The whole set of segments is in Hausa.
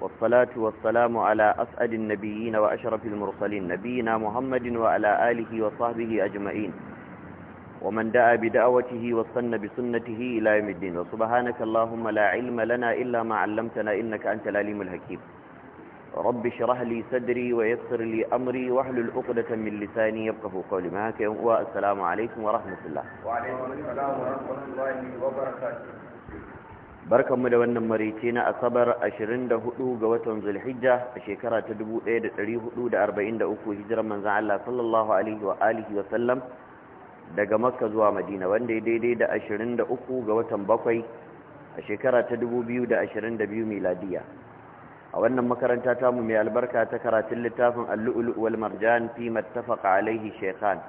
والصلاة والسلام على أسعد النبيين وأشرف المرسلين نبينا محمد وعلى آله وصحبه أجمعين ومن دعا بدعوته وصن بسنته إلى يوم الدين وسبحانك اللهم لا علم لنا إلا ما علمتنا إنك أنت العليم الحكيم رب اشرح لي صدري ويسر لي أمري واحلل عقدة من لساني يفقه قولي معك والسلام عليكم ورحمة الله وعليكم السلام ورحمة الله وبركاته barkanmu da wannan marice na asabar 24 ga watan zulhijja a shekara ta 1443 hijirar manzan Allah sallallahu alaihi wa alihi wa sallam daga makka zuwa madina wanda ya daidai da 23 ga watan bakwai a shekara ta 2022 miladiya a wannan makaranta tamu mai albarka ta karatun littafin al-lu'lu' wal marjan fi mattafaqa alaihi shaykhan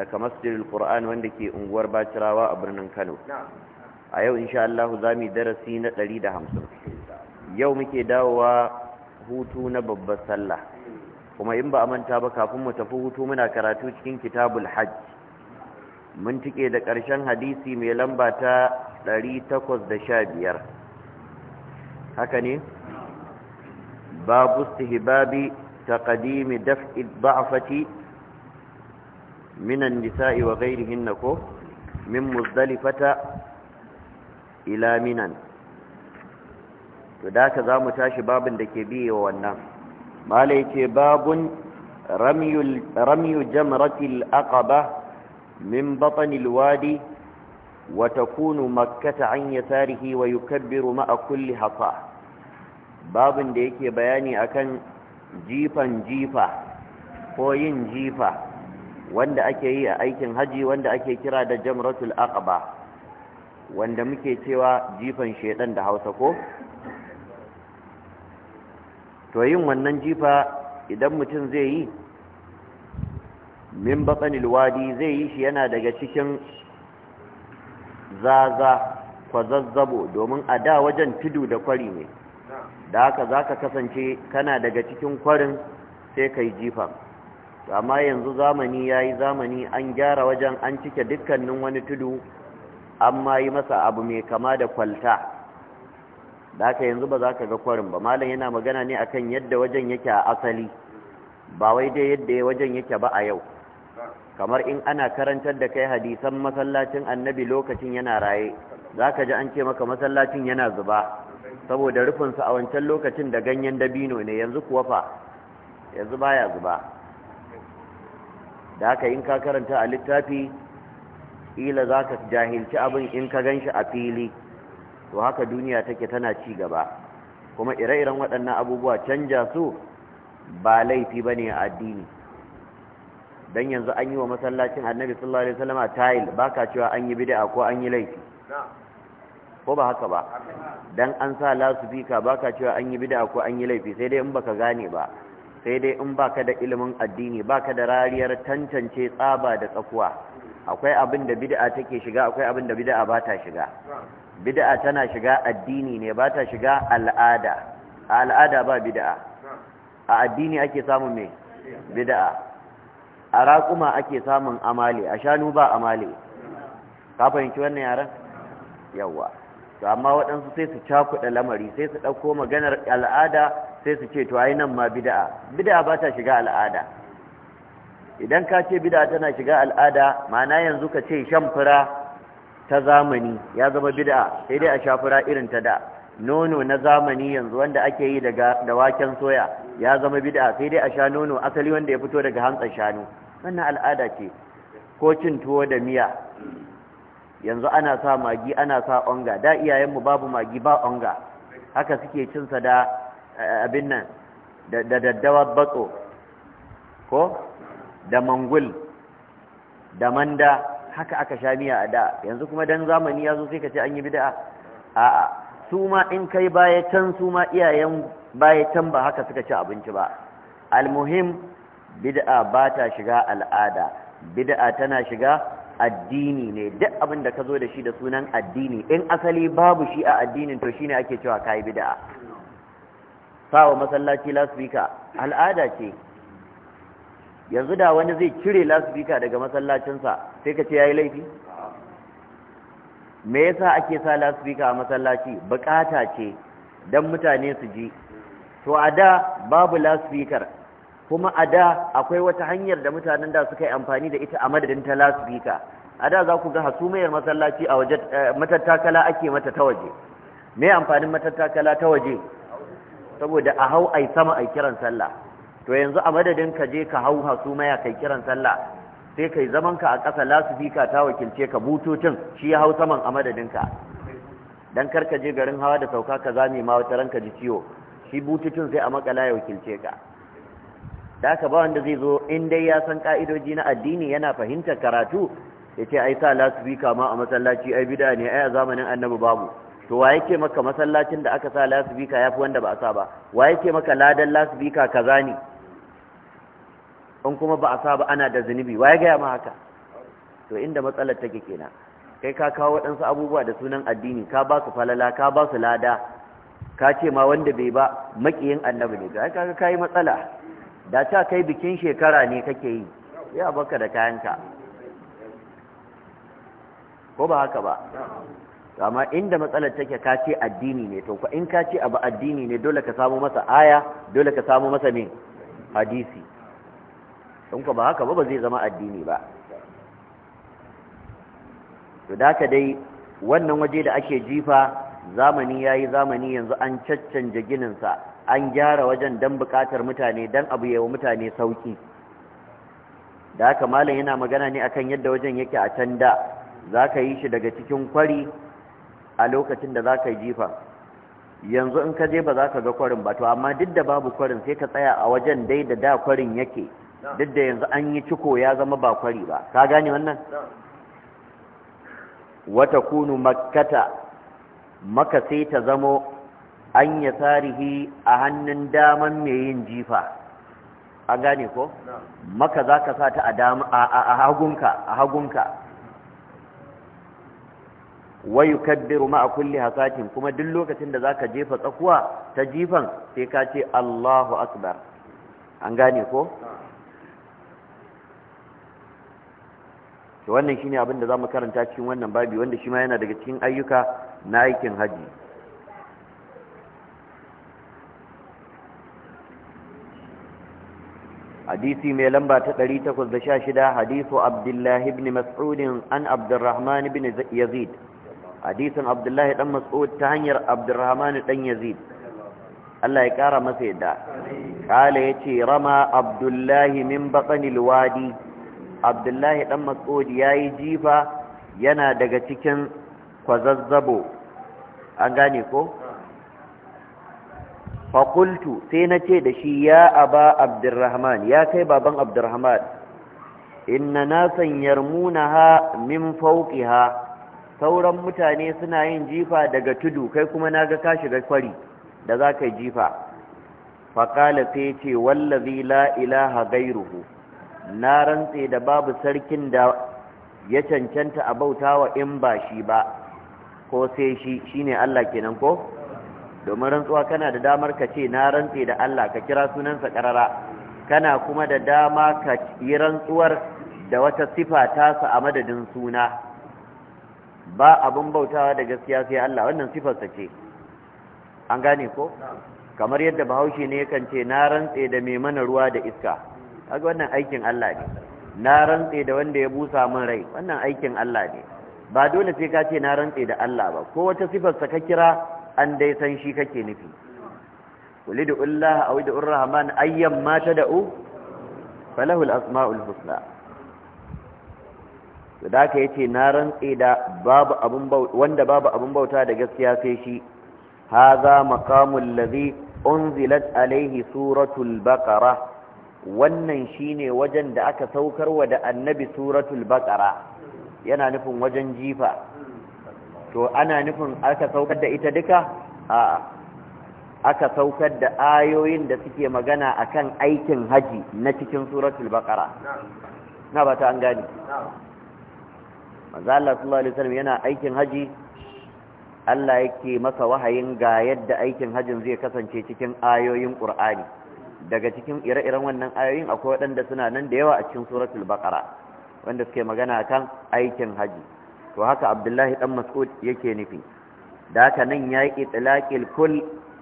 daga masjidil qur'an wanda ke unguwar bacirawa a birnin Kano a yau insha Allah za mu darasi na 150 yau muke dawowa hutu na babbar sallah kuma in ba a manta ba kafin mu tafi hutu muna karatu cikin kitabul hajj mun tike da ƙarshen hadisi mai lamba ta 815 haka ne babu istihbabi taqdimi daf'i dha'fati minan nisai wa ghayrihinna ko min muzdalifata إلى منا فذاك زام تاشي باب دكي بي وانا ما ليك باب رمي, رمي جمرة الأقبة من بطن الوادي وتكون مكة عن يساره ويكبر مع كل حصى باب دكي بياني أكن جيفا جيفا قوين جيفا وانا أكي أيكن هجي وانا أكي كرادة جمرة الأقبة wanda muke cewa jifan shedan da hausa ko to yin wannan jifa idan mutum zai yi min batsanil wadi zai yi shi yana daga cikin zaza kwazazzabo domin a da wajen tudu da kwari ne da haka za ka kasance kana daga cikin kwarin sai ka yi jifa amma yanzu zamani ya yi zamani an gyara wajen an cike dukkanin wani tudu amma yi masa abu mai kama da kwalta da aka yanzu ba za ka ga kwarin ba malam yana magana ne akan yadda wajen yake a asali ba wai dai yadda wajen yake ba a yau kamar in ana karantar da kai hadisan masallacin annabi lokacin yana raye za ka ji an ce maka masallacin yana zuba saboda rufinsa a wancan lokacin da ganyen dabino ne yanzu kuwa fa yanzu baya zuba da aka in ka karanta a littafi ƙila za ka jahilci abin in ka gan shi a fili to haka duniya take tana ci gaba kuma ire-iren waɗannan abubuwa canja su ba laifi ba ne a addini don yanzu an yi wa masallacin annabi sallallahu alaihi wasallam tayil ba ka cewa an yi bid'a ko an yi laifi ko ba haka ba don an sa lasufika ba ka cewa an yi bid'a ko an yi laifi sai dai in ba ka gane ba sai dai in ba ka da ilimin addini ba ka da rariyar tantance tsaba da tsakuwa akwai abin da bid'a take shiga akwai abin da bid'a ba ta shiga bid'a tana shiga addini ne ba ta shiga al'ada a al'ada ba bid'a a addini ake samun me bid'a a raƙuma ake samun amali a shanu ba amali ka fahimci wannan yaran yawa to amma waɗansu sai su cakuɗa lamari sai su ɗauko maganar al'ada sai su ce to ai nan ma bid'a bid'a ba ta shiga al'ada idan ka ce bid'a tana shiga al'ada ma'ana yanzu ka ce shan fura ta zamani ya zama bid'a sai dai a sha irin ta da nono na zamani yanzu wanda ake yi daga da waken soya ya zama bid'a sai dai a sha nono asali wanda ya fito daga hantsar shanu wannan al'ada ce ko cin tuwo da miya yanzu ana sa magi ana sa onga da iyayenmu babu magi ba onga haka suke sa da eh, abin nan da daddawa batso ko da mangul da manda haka aka sha miya a da yanzu kuma dan zamani ya zo sai ka ce an yi bid'a a'a su ma in kai baya can su ma iyayen baya can ba haka suka ci abinci ba almuhim bid'a ba ta shiga al'ada bid'a tana shiga addini ne duk abin da ka zo da shi da sunan addini in asali babu shi a addinin to shine ake cewa kai bid'a sawa masallaci lasfika al'ada ce yanzu da wani zai cire lasifika daga masallacinsa sai ka ce ya yi laifi me yasa ake sa lasifika a masallaci bukata ce don mutane su ji to a da babu lasifikar kuma a da akwai wata hanyar da mutanen da suka yi amfani da ita a madadin ta lasifika a da za ku ga hasumayar masallaci a waje eh, matattakala ake mata ta waje me amfanin matattakala ta waje saboda a hau ai sama ai kiran sallah to yanzu a madadin ka je ka hau hasu maya kai kiran sallah sai kai zaman ka a ƙasa lasifika ta wakilce ka bututun shi ya hau saman a madadin ka dan kar ka je garin hawa da sauka ka zame ma wata ranka ji ciwo shi bututun sai a makala ya wakilce ka da ka ba wanda zai zo in dai ya san ka'idoji na addini yana fahimtar karatu ya ce ai sa lasifika ma a masallaci ai bida ne ai a zamanin annabi babu to wa yake maka masallacin da aka sa lasifika ya fi wanda ba a sa ba wa yake maka ladan lasifika kaza ne in kuma ba a saba ana da zunubi waye gaya ma haka to inda matsalar take kenan kai ka kawo waɗansu abubuwa da sunan addini ka ba su falala ka ba su lada ka ce ma wanda bai ba makiyin annabi ne ga ka kai matsala da ta kai bikin shekara ne kake yi ya baka da kayanka ko ba haka ba amma inda matsalar take ka ce addini ne to in ka ce abu addini ne dole ka samu masa aya dole ka samu masa ne hadisi in ba haka ba ba zai zama addini ba to daka dai wannan waje da ake jifa zamani ya yi zamani yanzu an caccanje gininsa an gyara wajen don buƙatar mutane don abu yawa mutane sauƙi da haka malam yana magana ne akan yadda wajen yake a can da za ka yi shi daga cikin kwari a lokacin da za ka yi jifa yanzu in ka je ba za ka ga kwarin ba to amma duk da babu kwarin sai ka tsaya a wajen dai da da kwarin yake duk da yanzu an yi ciko ya zama ba kwari ba ka gane wannan wata kunu makkata maka sai ta zamo an yi tarihi a hannun daman mai yin jifa an gane ko maka za ka sa ta a hagunka a hagunka wai yukaddiru ma a kulli hasatin kuma duk lokacin da zaka jefa tsakuwa ta jifan sai ka ce Allahu akbar an gane ko to wannan shine abin da zamu karanta cikin wannan babi wanda shi ma yana daga cikin ayyuka na aikin haji hadisi mai lamba ta 816 hadisu abdullahi ibn mas'ud an abdurrahman ibn yazid hadisin abdullahi dan mas'ud ta hanyar abdurrahman dan yazid Allah ya kara masa yadda kala yace rama abdullahi min baqanil wadi abdullahi dan ya yayi jifa yana daga cikin kwazazzabo an gane ko fakultu sai na ce da shi ya aba abdurrahman ya kai baban abdurrahman inna nasan yarmunaha min fawqiha sauran mutane suna yin jifa daga tudu kai kuma naga ka shiga kwari da yi jifa faqala sai ce wallazi la ilaha gairuhu na rantse da babu sarkin da ya cancanta a bautawa in ba shi ba ko sai shi ne Allah kenan ko domin rantsuwa kana da damar ka ce na rantse da Allah ka kira sunansa karara kana kuma da dama ka yi rantsuwar da wata sifa tasa a madadin suna ba abun bautawa da gaskiya sai Allah wannan sa ce an gane ko kamar yadda bahaushe ne yakan ce na rantse da mai mana ruwa da iska kaga wannan aikin Allah ne na rantse da wanda ya busa min rai wannan aikin Allah ne ba dole sai ka ce na rantse da Allah ba ko wata sifar sa ka kira an dai san shi kake nufi kulli da Allah aw da Ar-Rahman ayyam ma tad'u falahu al-asma'ul husna to da ka yace na rantse da babu abun wanda babu abun bauta da gaskiya sai shi haza maqamul ladhi unzilat alayhi suratul baqarah wannan shine wajen da aka saukar wa da annabi suratul baqara yana nufin wajen jifa to ana nufin aka saukar da ita duka a aka saukar da ayoyin da suke magana akan aikin haji na cikin suratul baqara na ba ta an gani manzo Allah sallallahu alaihi wasallam yana aikin haji Allah yake masa wahayin ga yadda aikin hajin zai kasance cikin ayoyin Qur'ani daga cikin ire-iren wannan ayoyin akwai waɗanda suna nan da yawa a cikin suratul baqara wanda suke magana kan aikin haji to haka abdullahi dan mas'ud yake nufi da haka nan yayi itlaqil Kul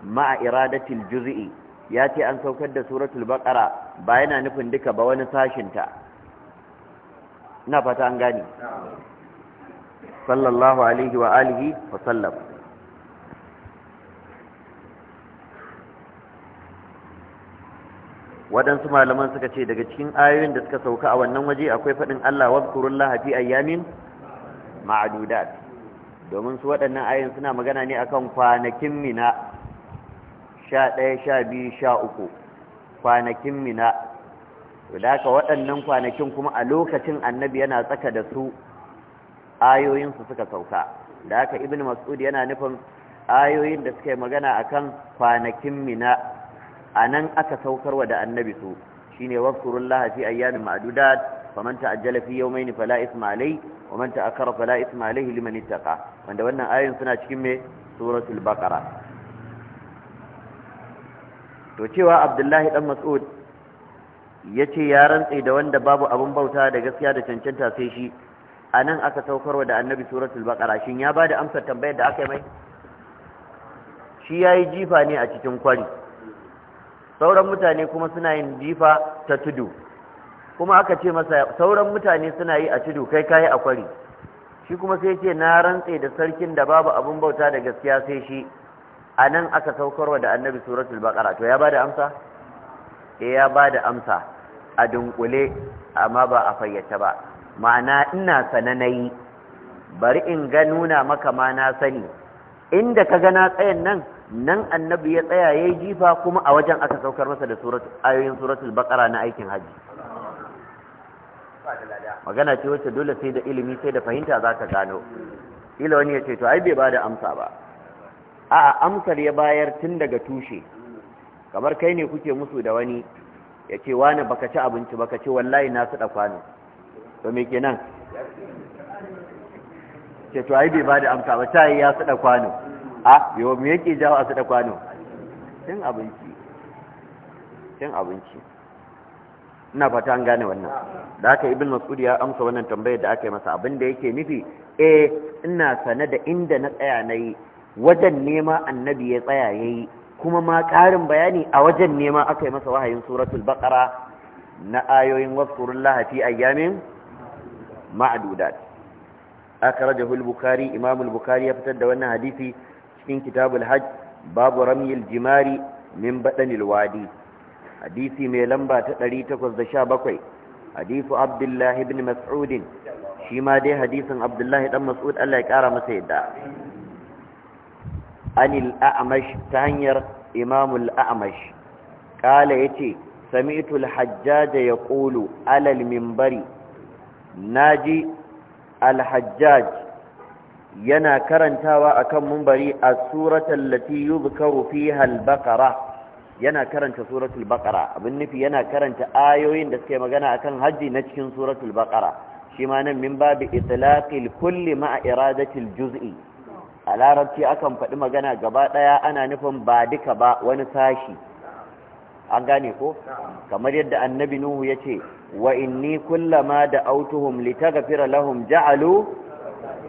ma'a iradatil juz'i ya ce an saukar da suratul baqara ba yana nufin duka ba wani sashin ta ina fata an gane sallallahu alaihi wa alihi wa sallam waɗansu malaman suka ce daga cikin ayoyin da suka sauka a wannan waje akwai faɗin Allah wazkurullaha fi ayyamin ma'adudat domin su waɗannan ayoyin suna magana ne akan kwanakin mina sha ɗaya kwanakin mina da ka waɗannan kwanakin kuma a lokacin annabi yana tsaka da su ayoyinsu suka sauka da haka ibn mas'ud yana nufin ayoyin da suka yi magana akan kwanakin mina anan aka saukar wa da annabi su shine wazkurullaha fi ayyamin ma'dudat faman ta'ajjala fi yawmayn fala isma alayhi waman ta'akkara fala isma alayhi liman ittaqa wanda wannan ayoyin suna cikin me suratul baqara to cewa abdullahi dan mas'ud yace ya rantse da wanda babu abun bauta da gaskiya da cancanta sai shi anan aka saukar wa da annabi suratul baqara shin ya bada amsar tambayar da aka yi mai shi yayi jifa ne a cikin kwari sauran mutane kuma suna yin jifa ta tudu kuma aka ce masa sauran mutane suna yi a tudu kai kayi a kwari shi kuma sai ce na rantse da sarkin da babu abun bauta da gaskiya sai shi a nan aka saukarwa da annabi suratul baqara to ya bada amsa eh ya bada amsa a dunkule amma ba a fayyace ba ma'ana ina sananayi bari in ga nuna maka ma na sani inda ka ga na tsayin nan nan annabi ya tsaya ya yi jifa kuma a wajen aka saukar masa da ayoyin suratul bakara na aikin hajji magana ce wacce dole sai da ilimi sai da fahimta za ka gano ila wani ya ce to ai bai ba da amsa ba a amsar ya bayar tun daga tushe kamar kai ne kuke musu da wani ya ce wani baka ci abinci baka ce wallahi na su kwano to me kenan ce to ai bai ba da amsa ba ta yi ya su kwano a yau me yake jawo a kwano cin abinci cin abinci ina fata an gane wannan da aka ibn mas'ud ya amsa wannan tambayar da aka yi masa abinda yake nufi eh ina sane da inda na tsaya nayi wajen nema annabi ya tsaya yayi kuma ma ƙarin bayani a wajen nema aka yi masa wahayin suratul baqara na ayoyin wasfurullahi fi ayyamin ma'dudat akhrajahu al-bukhari imam al-bukhari ya fitar da wannan hadisi cikin kitabul hajj babu ramyil jimari min badanil wadi hadisi mai lamba ta 817 hadisu abdullah ibn mas'ud shi ma dai hadisin abdullah dan mas'ud Allah ya kara masa yadda anil a'mash ta hanyar imamul a'mash kala yace sami'tu al-hajjaj yaqulu alal minbari naji al-hajjaj yana karantawa akan mumbari a suratul lati yuzkaru fiha al-baqara yana karanta suratul baqara abin nufi yana karanta ayoyin da suke magana akan haji na cikin suratul baqara shi ma nan min babu itlaqil kulli ma iradatil juz'i a larabci akan faɗi magana gaba ɗaya ana nufin ba duka ba wani sashi an gane ko kamar yadda annabi nuhu ce. wa inni kullama da autuhum litaghfira lahum ja'alu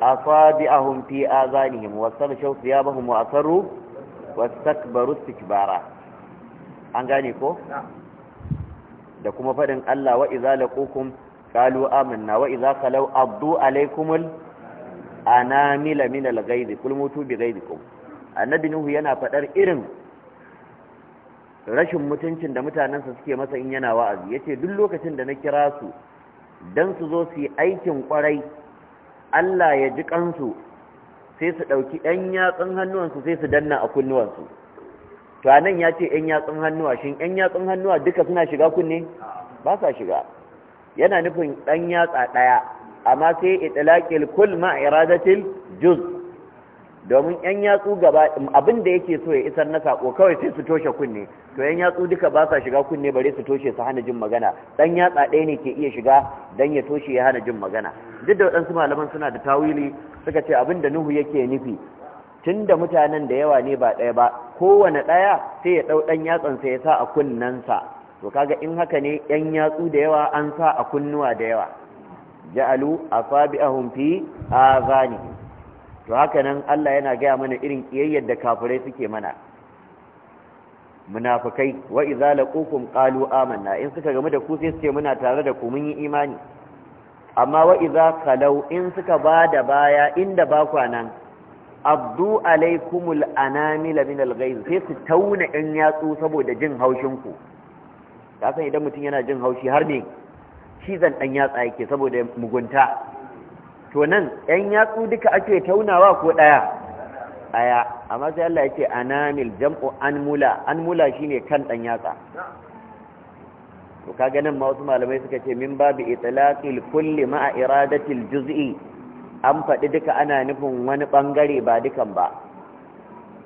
أصابعهم thiyabahum wa واستغشوا wastakbaru istikbara An gane ko. da kuma faɗin Allah wa idza laqukum qalu amanna wa idza khalaw addu alaykum anamil min alghayb kul mutu bi ghaybikum annabi nuhu yana faɗar irin rashin mutuncin da mutanensa suke masa in yana wa'azi yace duk lokacin da na kira su dan su zo su yi aikin kwarai Allah ya ji kansu sai su ɗauki ɗan yatsun hannuwansu sai su danna a kunnuwansu to anan ya ce ɗan yatsun hannuwa shin ɗan yatsun hannuwa duka suna shiga kunne ba sa shiga yana nufin ɗan yatsa ɗaya amma sai itlaqil kul ma iradatil juz domin yan yatsu gaba abin da yake so ya isar na sako kawai sai su toshe kunne to yan yatsu duka ba sa shiga kunne bare su toshe su hana jin magana dan yatsa ɗaya ne ke iya shiga dan ya toshe ya hana jin magana duk da waɗansu malaman suna da tawili suka ce abin da nuhu yake nufi tun da mutanen da yawa ne ba ɗaya ba kowane ɗaya sai ya ɗau ɗan yatsansa ya sa a kunnensa to kaga in haka ne yan yatsu da yawa an sa a kunnuwa da yawa ja'alu asabi'ahum fi azanihim to haka nan Allah yana gaya mana irin kiyayyar da kafirai suke mana munafikai wa idza laqukum qalu amanna in suka gamu da ku sai suke muna tare da ku mun yi imani amma wa idza kalau in suka ba da baya inda ba kwanan abdu alaikumul anamil min alghayz sai su tauna in yatsu saboda jin haushin ku ka idan mutum yana jin haushi har ne shi zan dan yatsa yake saboda mugunta to nan yan yatsu duka ake taunawa ko ɗaya aya amma sai Allah yake anamil An mula shi ne kan ɗan yatsa to kaga nan ma wasu malamai suka ce min babu itilatil kulli ma'a iradatil juz'i an faɗi duka ana nufin wani ɓangare ba dukan ba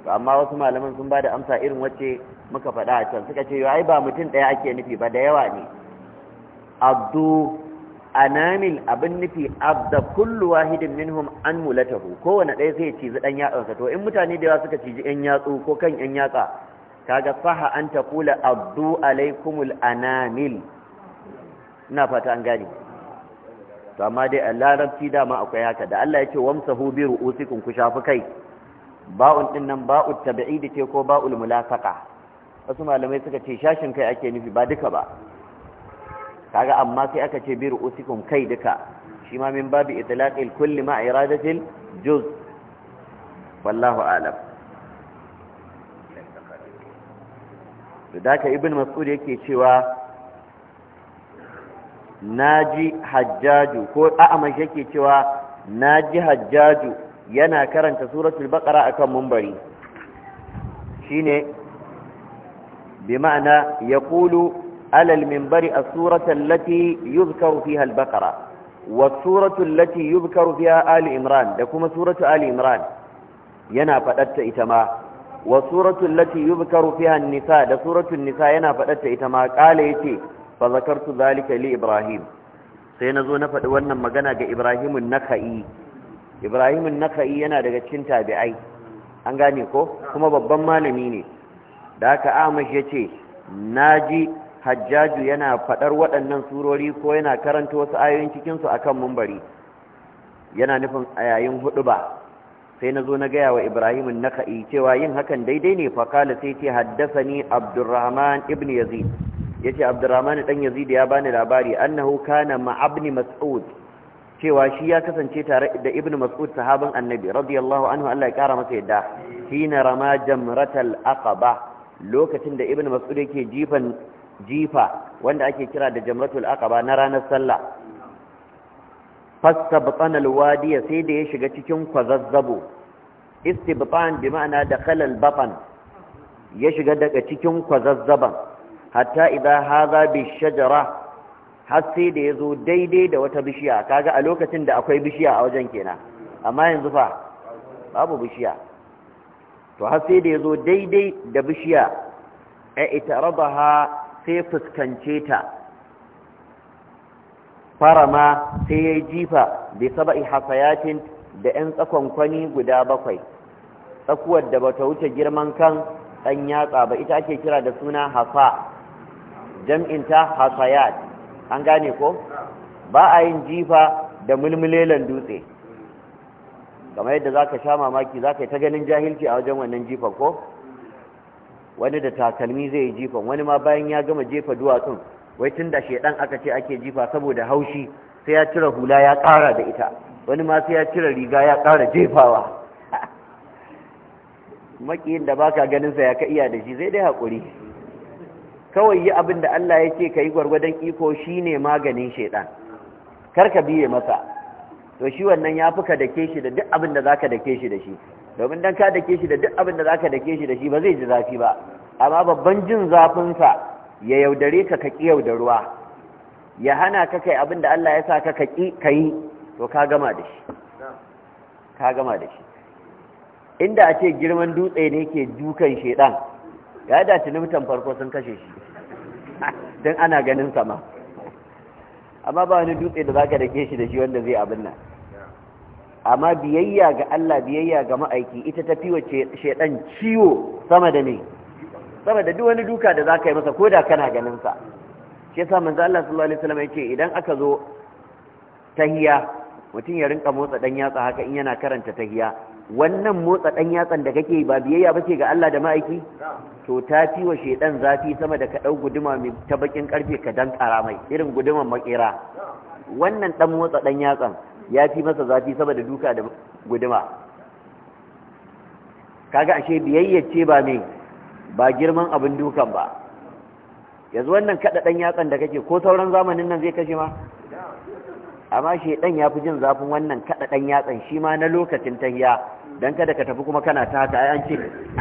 to amma wasu malaman sun ba da amsa irin wacce muka faɗa a can suka ce ai ba mutum ɗaya ake nufi ba da yawa ne abdu anamil abin nufi abda kullu wahidin minhum an mulatahu kowane ɗaya sai ya cizi ɗan to in mutane da yawa suka ciji yan yatsu ko kan yan yatsa kaga saha an taqula addu alaikumul anamil ina fata an gane to amma dai a larabci dama akwai haka da Allah ya ce wamsahu bi ru'usikum ku shafi kai ba'un din nan ba'ut tabi'id ce ko ba'ul mulafaqa wasu malamai suka ce shashin kai ake nufi ba duka ba kaga amma sai aka ce bi ru'usikum kai duka shi ma min babi itlaqil kulli ma iradatil juz wallahu a'lam da ibn mas'ud yake cewa naji hajjaju ko a'amash yake cewa naji hajjaju yana karanta suratul baqara akan munbari shine bi ma'ana yaqulu على المنبر السورة التي يذكر فيها البقرة والسورة التي يذكر فيها آل إمران لكم سورة آل إمران ينا فأدت إتما والسورة التي يذكر فيها النساء ده سورة النساء ينا فأدت إتما قال يتي فذكرت ذلك لإبراهيم سينزون فأولنا مغانا إبراهيم النخعي إبراهيم النخعي ينا ده تشنتا بعي أنغاني كو كما ببما لميني ذاك أعمش يتي ناجي hajjaju yana faɗar waɗannan surori ko yana karanta wasu ayoyin cikinsu a kan mumbari yana nufin a yayin hudu ba sai na zo na gaya wa ibrahim naka'i cewa yin hakan daidai ne fakala sai ce haddasa ni abdurrahman ibn yazid ya ce abdurrahman ɗan yazid ya bani labari annahu kana ma'abni mas'ud cewa shi ya kasance tare da ibn mas'ud sahabin annabi radiyallahu anhu Allah ya kara masa yadda na rama jamratal aqaba lokacin da ibn mas'ud yake jifan jifa wanda ake kira da jamratul aqaba na ranar sallah fastabtana alwadiya sai da ya shiga cikin kwazazzabo istibtan bi ma'ana dakhala albatan ya shiga daga cikin kwazazzaban hatta idza hadha bi shajara har sai da yazo daidai da wata bishiya kaga a lokacin da akwai bishiya a wajen kenan amma yanzu fa babu bishiya to har sai da yazo daidai da bishiya a itarabaha sai fuskance ta farama sai ya jifa bai saba'i hasayatin da 'yan tsakon kwani guda bakwai tsakuwar da bata wuce girman kan ɗan yatsa ba ita ake kira da suna hasa jam'inta hasayat an gane ko ba a yin jifa da mulmulelan dutse kamar yadda za ka sha mamaki za ka yi ta ganin jahilci a wajen wannan jifa ko wani da takalmi zai yi jifan wani ma bayan ya gama jefa duwatsun wai tun da shedan aka ce ake jifa saboda haushi sai ya cire hula ya ƙara da ita wani ma sai ya cire riga ya kara jefawa makiyin da baka ganin sa ya ka iya da shi zai dai hakuri kawai yi abin da Allah ya ce ka yi iko shine maganin shedan kar ka biye masa to shi wannan ya fuka dake shi da duk abin da zaka dake shi da shi domin dan ka dake shi da duk abin da zaka dake shi da shi ba zai ji zafi ba amma babban jin zafin sa ya yaudare ka ka kiyau da ruwa ya hana ka kai abin da Allah ya sa ka ki kai to ka gama da shi ka gama da shi inda a ce girman dutse ne ke dukan shedan ya da mutan farko sun kashe shi don ana ganin sama amma ba wani dutse da zaka dake shi da shi wanda zai abin nan amma biyayya ga Allah biyayya ga ma'aiki ita ta fi wace shedan ciwo sama da me sama da duk wani duka da zaka yi masa koda kana ganin sa shi yasa manzo Allah sallallahu alaihi wasallam yake idan aka zo tahiya mutum ya rinka motsa dan yatsa haka in yana karanta tahiya wannan motsa dan yatsan da kake ba biyayya bace ga Allah da ma'aiki to ta fi wa shedan zafi sama da ka dau guduma mai ta bakin karfe ka dan mai irin guduman makira wannan dan motsa dan yatsan ya fi masa zafi saboda duka da guduma kaga ashe biyayyace ba me ba girman abin dukan ba yanzu wannan kada dan yatsan da kake ko sauran zamanin nan zai kashe ma amma shi dan yafi jin zafin wannan kada dan yatsan shi ma na lokacin tahiya dan kada ka tafi kuma kana ta haka ai an ce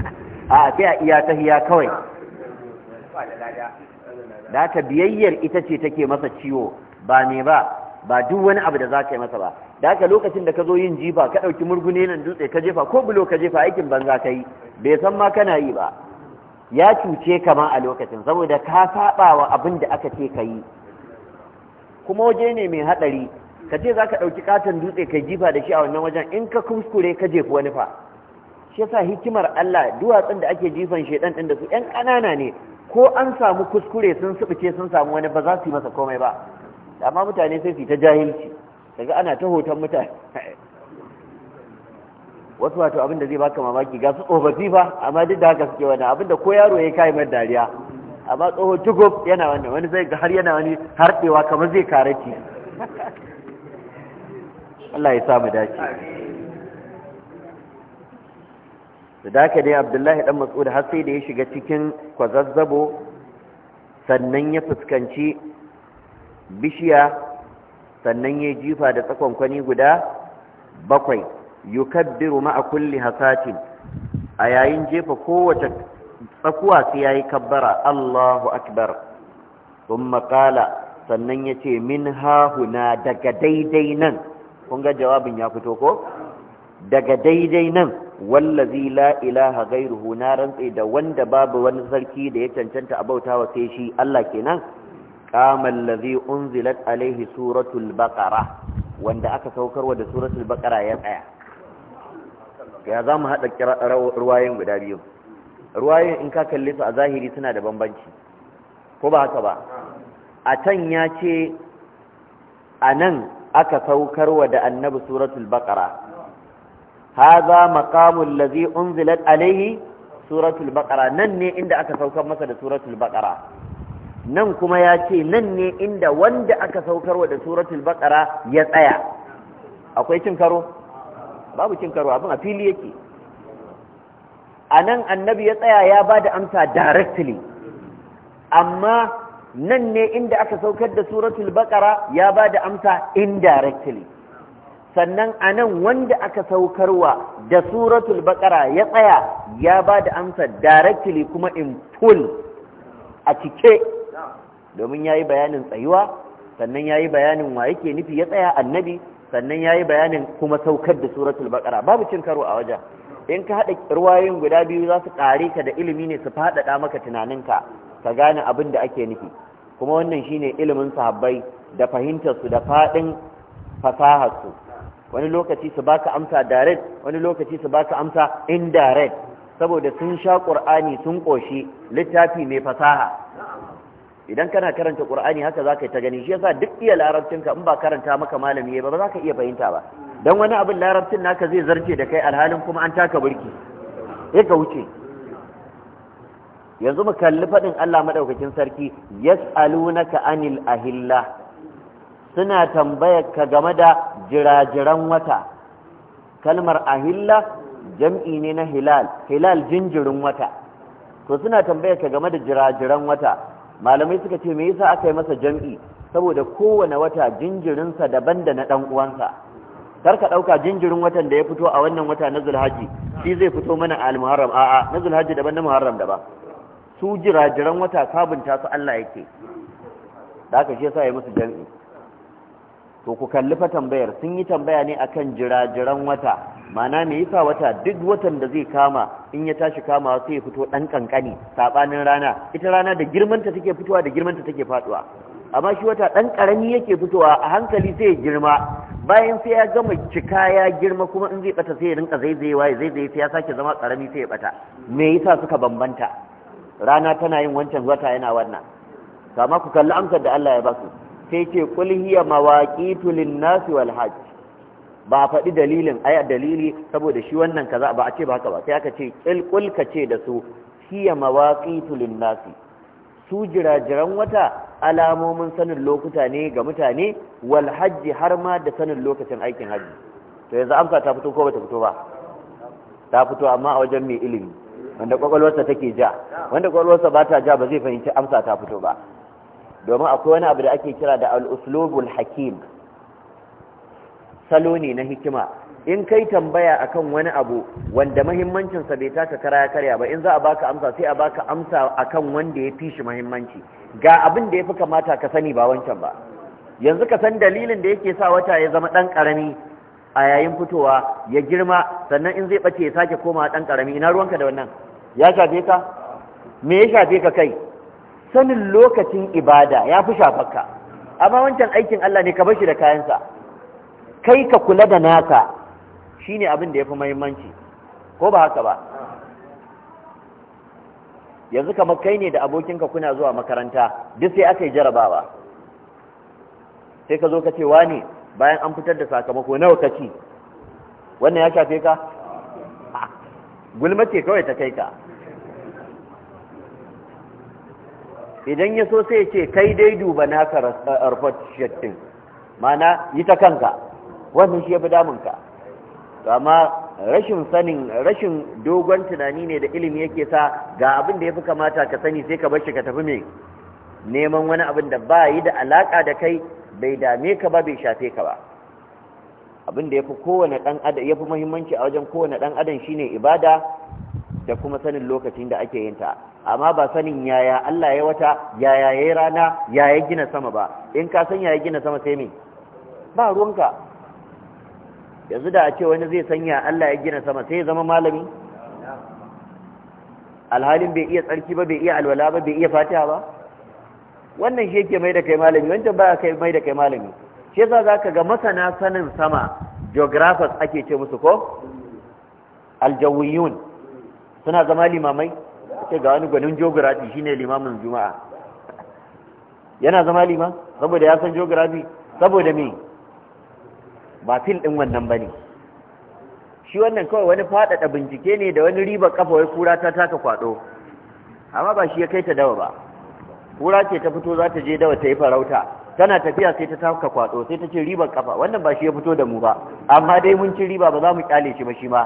a sai a iya tahiya kawai da ka biyayyar ita ce take masa ciwo ba ne ba ba duk wani abu da za ka yi masa ba da haka lokacin da ka zo yin jifa ka ɗauki murgune nan dutse ka jefa ko bulo ka jefa aikin banza ka yi bai san ma kana yi ba ya cuce ka ma a lokacin saboda ka saba wa abin da aka ce ka yi kuma waje ne mai haɗari ka ce za ka ɗauki katon dutse ka jifa da shi a wannan wajen in ka kuskure ka jefi wani fa shi yasa hikimar Allah duwatsun da ake jifan shedan din da su ƴan ƙanana ne ko an samu kuskure sun subuce sun samu wani ba za su yi masa komai ba amma mutane sai su ta jahilci daga ana ta hoton mutane wasu wato abin da zai baka mamaki ga su tsofaffi fa amma duk da haka suke wannan abin da ko yaro ya kai mai dariya amma tsoho tugub yana wannan wani zai ga har yana wani harbewa kamar zai ki? Allah ya samu dace da daka dai Abdullahi dan Mas'ud har sai da ya shiga cikin kwazazzabo sannan ya fuskanci bishiya sannan ya jifa da tsakonkwani guda bakwai yukabbiru ma'a kulli hasatin a yayin jefa kowace tsakuwa sai yayi kabbara Allahu akbar thumma qala sannan yace min huna daga daidai nan kun ga jawabin ya fito ko daga daidai nan wallazi la ilaha ghairuhu na rantsi da wanda babu wani sarki da ya cancanta a bautawa sai shi Allah kenan kama allazi unzilat alaihi suratul wanda aka saukarwa da suratul ya tsaya ya za mu haɗa ruwayen guda biyu ruwayen in ka kalli su a zahiri suna da bambanci ko ba haka ba a can ya ce a nan aka saukarwa da annabi suratul baqara haza maqamul ladhi unzilat suratul baqara nan ne inda aka saukar masa da suratul nan kuma ya ce nan ne inda wanda aka saukarwa da suratul baqara ya tsaya akwai cin karo babu cin karo abin a fili yake a nan annabi ya tsaya ya ba da amsa directly amma nan ne inda aka saukar da suratul baqara ya ba da amsa indirectly sannan a nan wanda aka saukarwa da suratul baqara ya tsaya ya ba da amsa directly kuma in full a cike domin ya yi bayanin tsayuwa sannan ya yi bayanin wa yake nufi ya tsaya annabi sannan ya yi bayanin kuma saukar da suratul baƙara babu cin karo a waje. in ka haɗa ruwayoyin guda biyu za su ƙare ka da ilimi ne su faɗaɗa maka tunaninka ka gane abin da ake nufi kuma wannan shine ilimin sahabbai da su da faɗin fasaharsu wani lokaci su baka amsa direct wani lokaci su baka amsa indirect saboda sun sha ƙur'ani sun ƙoshi littafi mai fasaha idan kana karanta qur'ani haka zaka ta gani shi yasa duk iya larabcinka in ba karanta maka malami ba ba zaka iya fahimta ba dan wani abin larabcin naka zai zarce da kai alhalin kuma an taka burki sai ka wuce yanzu mu kalli fadin Allah madaukakin sarki yas'alunaka anil ahilla suna tambayar ka game da jirajiran wata kalmar ahilla jam'i ne na hilal hilal jinjirin wata to suna tambayar ka game da jirajiran wata malamai suka ce me yasa aka yi masa jam'i saboda kowane wata jinjirinsa daban da na dan uwansa kar ka dauka jinjirin watan da ya fito a wannan wata na zulhaji shi zai fito mana a a a'a na zulhaji daban na Muharram daban su jira jiran wata sabunta su Allah yake da haka shi yasa ya musu jam'i to ku kalli fa tambayar sun yi tambaya ne akan jira-jiran wata mana me yasa wata duk watan da zai kama in ya tashi kama sai ya fito dan kankani sabanin rana ita rana da girmanta take fitowa da girmanta take faduwa amma shi wata dan karami yake fitowa a hankali sai ya girma bayan sai ya gama cika ya girma kuma in zai bata sai ya rinka zaizayewa ya zaizaye sai ya sake zama karami sai ya bata me yasa suka bambanta rana tana yin wancan wata yana wannan kama ku kalli amsar da Allah ya ba su sai ce kul hiya mawaqitu lin-nasi wal-hajj ba faɗi dalilin ai dalili saboda shi wannan kaza ba a ce ba haka ba sai aka ce kul ka ce da su hiya mawaqitu lin-nasi su jirajiran wata alamomin sanin lokuta ne ga mutane wal hajj har ma da sanin lokacin aikin hajji to yanzu amsa ta fito ko bata fito ba ta fito amma a wajen mai ilimi wanda kwakwalwarsa take ja wanda kwakwalwarsa ba ta ja ba zai fahimci amsa ta fito ba domin akwai wani abu da ake kira da al'uslubul hakim salo ne na hikima in kai tambaya akan wani abu wanda mahimmancinsa bai taka kara ya karya ba in za a baka amsa sai a baka amsa akan wanda ya fi shi mahimmanci ga abin da ya fi kamata ka sani ba wancan ba yanzu ka san dalilin da yake sa wata ya zama ɗan ƙarami a yayin fitowa ya girma sannan in zai ɓace ya sake koma ɗan ƙarami ina ruwanka da wannan ya shafe ka me ya shafe ka kai sanin lokacin ibada ya fi shafarka amma wancan aikin Allah ne ka bar shi da kayansa kai ka kula da naka shine abin da ya fi mahimmanci ko ba haka ba yanzu kamar kai ne da abokinka kuna zuwa makaranta duk sai aka yi jarabawa sai ka zo ka ce wani bayan an fitar da sakamako na wakaci. wannan ya shafe ka gulma ce kawai ta kai ka idan ya so sai ce kai dai duba naka arfat shattin mana yi ta kanka wannan shi ya fi damunka to amma rashin sanin rashin dogon tunani ne da ilimi yake sa ga abin da ya fi kamata ka sani sai ka bar shi ka tafi mai neman wani abin da ba yi da alaka da kai bai dame ka ba bai shafe ka ba abin da ya fi kowane ɗan adam ya fi muhimmanci a wajen kowane ɗan adam shine ibada da kuma sanin lokacin da ake yin ta amma ba sanin yaya Allah ya wata yaya yayi rana yaya gina sama ba in ka san yaya gina sama sai me ba ruwanka yanzu da a ce wani zai sanya Allah ya gina sama sai ya zama malami alhalin bai iya tsarki ba bai iya alwala ba bai iya fatiha ba wannan shi yake mai da kai malami wancan ba kai mai da kai malami shi yasa zaka ga masana sanin sama geographers ake ce musu ko aljawiyun suna zama limamai ce ga wani gwanin geography shine limamin juma'a yana zama liman saboda ya san geography saboda me ba fil din wannan bane shi wannan kawai wani faɗaɗa bincike ne da wani riba kafa wai kura ta taka kwado amma ba shi ya kai ta dawa ba kura ce ta fito za ta je dawa ta yi farauta tana tafiya sai ta taka kwado sai ta ce ribar kafa wannan ba shi ya fito da mu ba amma dai mun ci riba ba za mu kyale shi ba shi ma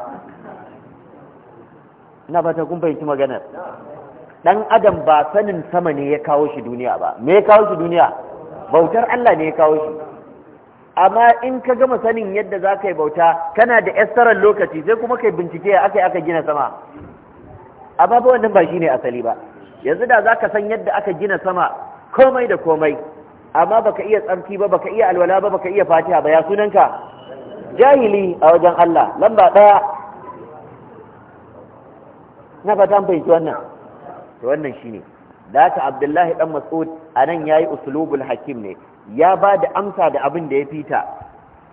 ina fata kun fahimci maganar dan adam ba sanin sama ne ya kawo shi duniya ba me ya kawo shi duniya bautar Allah ne ya kawo shi amma in ka gama sanin yadda za ka yi bauta kana da yastarar lokaci sai kuma kai bincike aka aka gina sama amma ba wannan ba ne asali ba yanzu da za ka san yadda aka gina sama komai da komai amma baka iya tsarki ba baka iya alwala ba baka iya fatiha ba ya sunanka jahili a wajen Allah lamba ɗaya na fata bai ji wannan to wannan shine da ta abdullahi dan mas'ud anan yayi uslubul hakim ne ya ba da amsa da abin da ya fita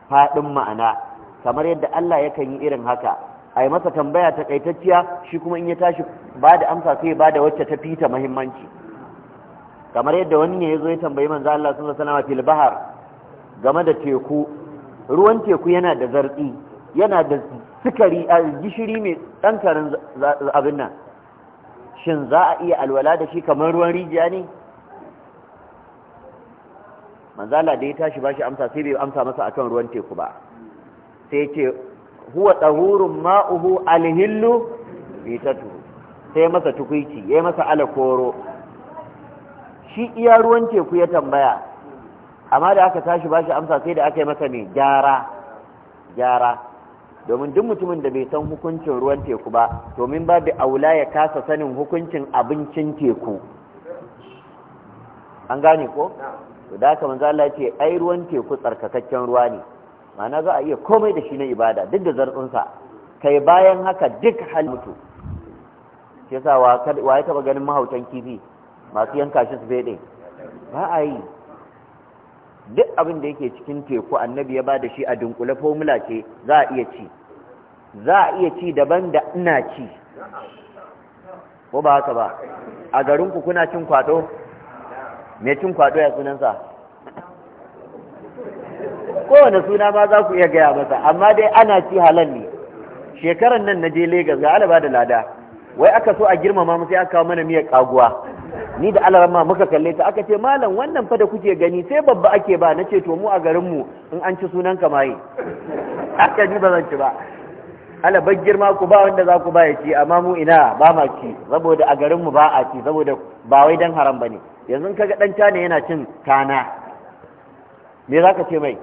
fadin ma'ana kamar yadda Allah yakan yi irin haka ai masa tambaya ta takaitacciya shi kuma in ya tashi ba da amsa sai ba da wacce ta fita muhimmanci kamar yadda wani ne yazo ya tambayi manzo Allah sallallahu alaihi wasallam fil bahar game da teku ruwan teku yana da zartsi yana da sukari a gishiri mai ɗankarin abin nan shin za a iya alwala da shi kamar ruwan rijiya ne manzala da ya tashi ba shi amsa sai bai amsa masa akan ruwan teku ba sai ce huwa tsahurun ma'uhu alhillu turu sai masa tukuici ya masa alakoro shi iya ruwan teku ya tambaya amma da aka tashi ba shi amsa sai da aka yi masa mai gyara gyara domin duk mutumin da bai san hukuncin ruwan teku ba domin ba babu aula ya kasa sanin hukuncin abincin teku an gane ko to da haka manzo Allah ce ai ruwan teku tsarkakakken ruwa ne ma'ana za a iya komai da shi na ibada duk da zartsunsa kai bayan haka duk halin mutu shi yasa wa ya taba ganin mahautan kifi masu yanka shi su fede ba a yi duk abin da yake cikin teku annabi ya bada shi a dunkule formula ce za a iya ci za a iya ci daban da ina ci ko ba haka ba a garinku kuna cin kwado mai cin kwado ya sunansa kowane suna ma za ku iya gaya masa amma dai ana ci halal ne shekaran nan na je Legas ga alaba da lada wai aka so a girmama mu sai aka kawo mana miyar kaguwa ni da alarama muka kalle ta aka ce malam wannan fa da kuke gani sai babba ake ba na ce to mu a garinmu in an ci sunan kamaye aka ji ba zan ci ba alabar girma ku ba wanda za ku ba ya ci amma mu ina ba ma ci saboda a garinmu ba a ci saboda ba wai dan haram bane yanzu kaga dan tana yana cin tana me zaka ce mai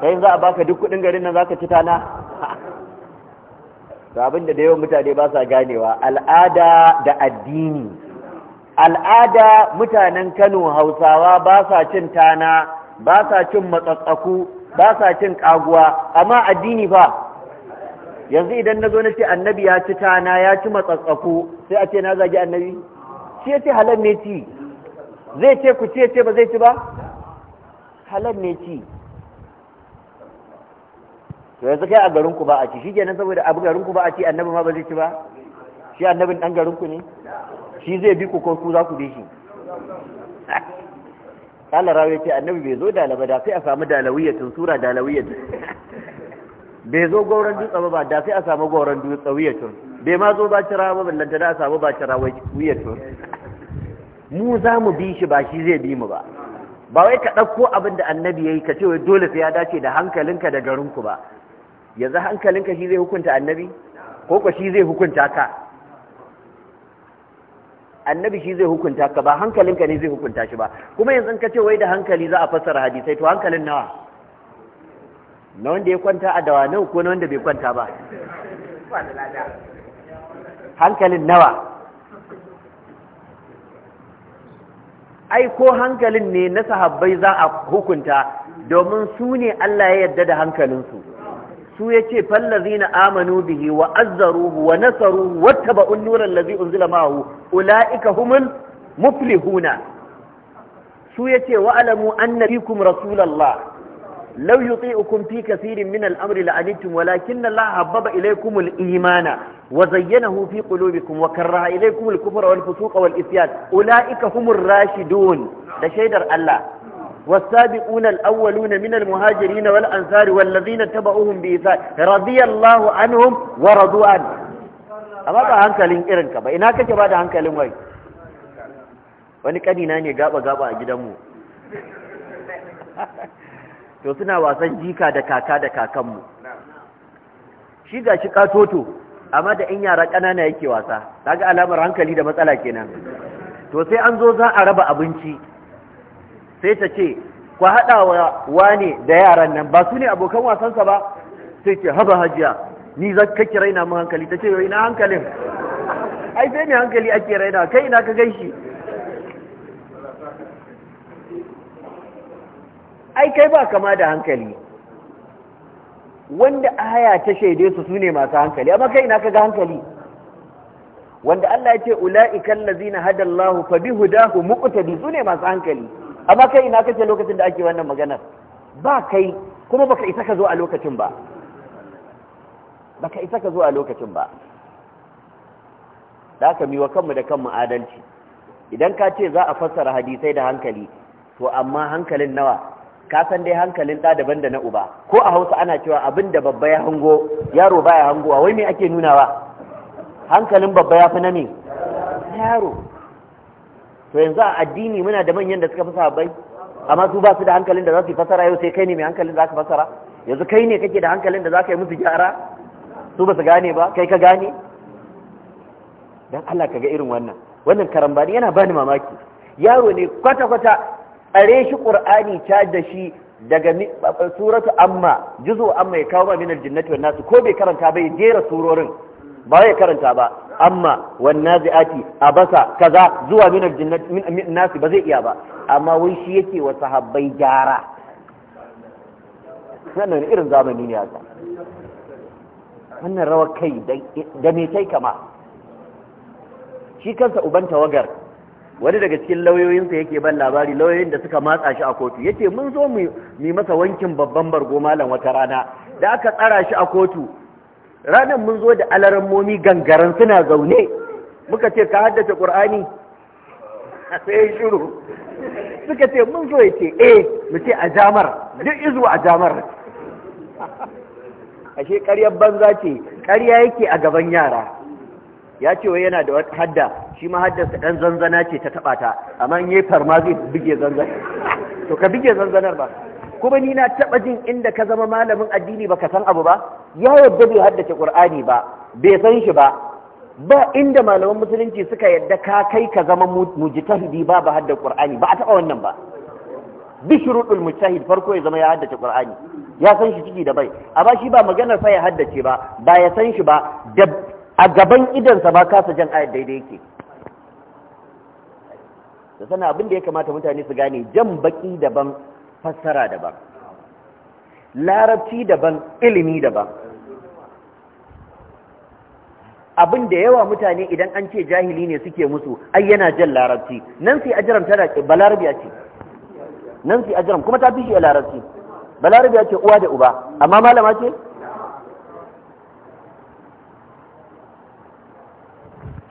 kai za a baka duk kudin garin nan zaka ci tana Sabin abin da da yawan mutane ba sa ganewa al'ada da addini al'ada mutanen Kano Hausawa ba sa cin tana ba sa cin matsatsaku ba sa cin kaguwa amma addini fa yanzu idan na zo na ce annabi ya ci tana ya ci matsatsaku sai a ce na zagi annabi ce ce halal ne ci zai ce ku ce ce ba zai ci ba halal ne ci to yanzu kai a garin ku ba a ci shi kenan saboda abu garin ku ba a ci annabi ma ba zai ci ba shi annabin dan garin ku ne shi zai bi ku ko ku za ku bi shi kala rawi ce annabi bai zo dalaba da sai a samu dalawiyatun sura dalawiyatun bai zo gauran dutse ba ba da sai a samu gauran dutse wiyatun bai ma zo ba cira ba ballanta da a samu ba cira wiyatun mu za mu bi shi ba shi zai bi mu ba ba wai ka ɗauko abin da annabi ya yi ka ce wai dole sai ya dace da hankalinka da garinku ba yanzu hankalinka shi zai hukunta annabi ko ko shi zai hukunta ka annabi shi zai hukunta ka ba hankalinka ne zai hukunta shi ba kuma yanzu ka ce wai da hankali za a fassara hadisai to hankalin nawa na wanda ya kwanta a dawa nawa ko na wanda bai kwanta ba hankalin nawa ai ko hankalin ne na sahabbai za a hukunta domin su ne Allah ya yarda da hankalinsu su yace fallazina amanu bihi wa azzaru wa nasaruhu wattaba'u an-nura allazi unzila ma'ahu ulaika humul muflihuna su yace wa alamu anna fikum rasulullah law yuti'ukum fi kathirin min al-amri la'anittum walakinna la habbaba ilaykum al-imana wa zayyanahu fi qulubikum wa karraha ilaykum al-kufra wal fusuqa wal isyan ulaika humur rashidun da shaidar Allah والسابقون الأولون من المهاجرين والأنصار والذين تبعوهم بإحسان رضي الله Anu ورضوا عنه amma ba hankalin irinka ba ina kake ba da hankalin wai wani kanina ne gaba-gaba a gidanmu to suna wasan jika da kaka da kakanmu shi ga shi katoto amma da in yara ƙanana yake wasa daga alamar hankali da matsala kenan to sai an zo za a raba abinci sai ta ce ku haɗa wa wane da yaran nan ba su ne abokan wasansa ba sai ce haba hajiya ni za ka kira ina mun hankali ta ce yau ina hankalin ai sai ne hankali ake raina kai ina ka gaishi ai kai ba kama da hankali wanda aya ta shaide su sune masu hankali amma kai ina ka ga hankali wanda Allah ya ce ula'ikan lazina hadallahu fa bihudahu muqtadi sune masu hankali amma kai ina kake lokacin da ake wannan maganar ba kai kuma baka isa ka zo a lokacin ba baka isa ka zo a lokacin ba da aka miwa kanmu da kanmu adalci idan ka ce za a fassara hadisai da hankali to amma hankalin nawa ka san dai hankalin ɗa daban da na uba ko a hausa ana cewa abin da babba ya hango yaro baya hangowa wai me ake nunawa hankalin babba ya fi na me yaro to yanzu a addini muna da manyan da suka fi sahabbai amma su ba su da hankalin da za su yi fasara yau sai kai ne mai hankalin da za ka fasara yanzu kai ne kake da hankalin da za ka yi musu gyara su ba su gane ba kai ka gane don Allah ka ga irin wannan wannan karambani yana bani mamaki yaro ne kwata-kwata tsare shi ƙur'ani ta da shi daga suratu amma juzo amma ya kawo ma minar jinnati wannan su ko bai karanta bai jera surorin ba ya karanta ba amma wanna a basa, kaza zuwa min nasi ba zai iya ba amma wai shi yake wa sahabbai gyara Sannan irin zamani ne haka wannan rawar kai da me kai kama shi kansa uban tawagar wani daga cikin lauyoyinsa yake ban labari lauyoyin da suka matsa shi a kotu yake mun zo mu yi masa wankin babban bargo malam wata rana da aka tsara shi a kotu ranar mun zo da momi gangaren suna zaune muka ce ka haddace ƙur'ani sai shiru suka ce mun zo ya ce eh mu ce a jamar duk izu a jamar ashe ƙaryar banza ce ƙarya yake a gaban yara ya ce wai yana da wata hadda shi ma haddarsa ɗan zanzana ce ta taɓa ta amma in yi farma zai buge zanzana to ka buge zanzanar ba kuma ni na taɓa jin inda ka zama malamin addini baka san abu ba ya yadda bai haddace qur'ani ba bai san shi ba ba inda malaman musulunci suka yadda ka kai ka zama mujtahidi ba ba haddace qur'ani ba a taɓa wannan ba bi shuruɗul mujtahid farko ya zama ya haddace qur'ani ya san shi ciki da bai ba shi ba maganar sa ya haddace ba ba ya san shi ba a gaban idansa ba kasa jan ayat daidai yake da sana abin da ya kamata mutane su gane jan baki daban fassara daban larabci daban ilimi daban abin da yawa mutane idan an ce jahili ne suke musu ai yana jan larabci nan sai ajiram tana balarabiya ce nan sai ajiram kuma ta fi shi a larabci balarabiya ce uwa da uba amma malama ce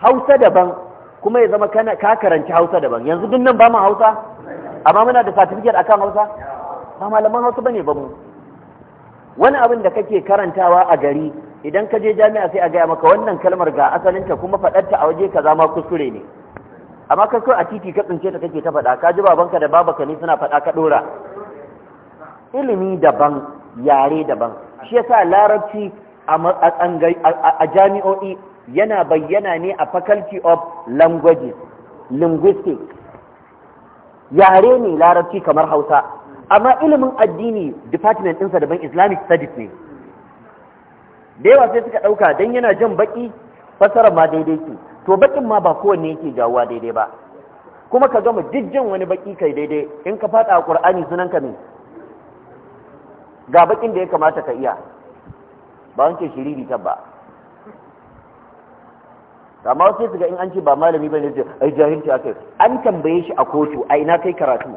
hausa daban kuma ya zama ka karanci hausa daban yanzu duk nan ba mu hausa amma muna da certificate akan Hausa ba malaman Hausa bane ba mu wani abin da kake karantawa a gari idan ka je jami'a sai a gaya maka wannan kalmar ga asalinta kuma faɗarta a waje ka zama kuskure ne amma kai so a titi ka tsince ta kake ta faɗa ka ji babanka da babaka ne suna faɗa ka ɗora ilimi daban yare daban shi yasa larabci a jami'o'i yana bayyana ne a faculty of languages linguistics yare ne larabci kamar hausa amma ilimin addini department ɗinsa ban islamic studies ne da yawa sai suka ɗauka don yana jan baƙi fassara ma daidai ce to baƙin ma ba kowanne yake jawuwa daidai ba kuma ka gama jan wani baƙi kai daidai in ka faɗa a ƙur'ani sunan ka ne ga baƙin da ya kamata ka iya ba wanke shiriri ta ba amma wasu su ga in an ce ba malami ba ne ai jahilci aka an tambaye shi a kotu a ina kai karatu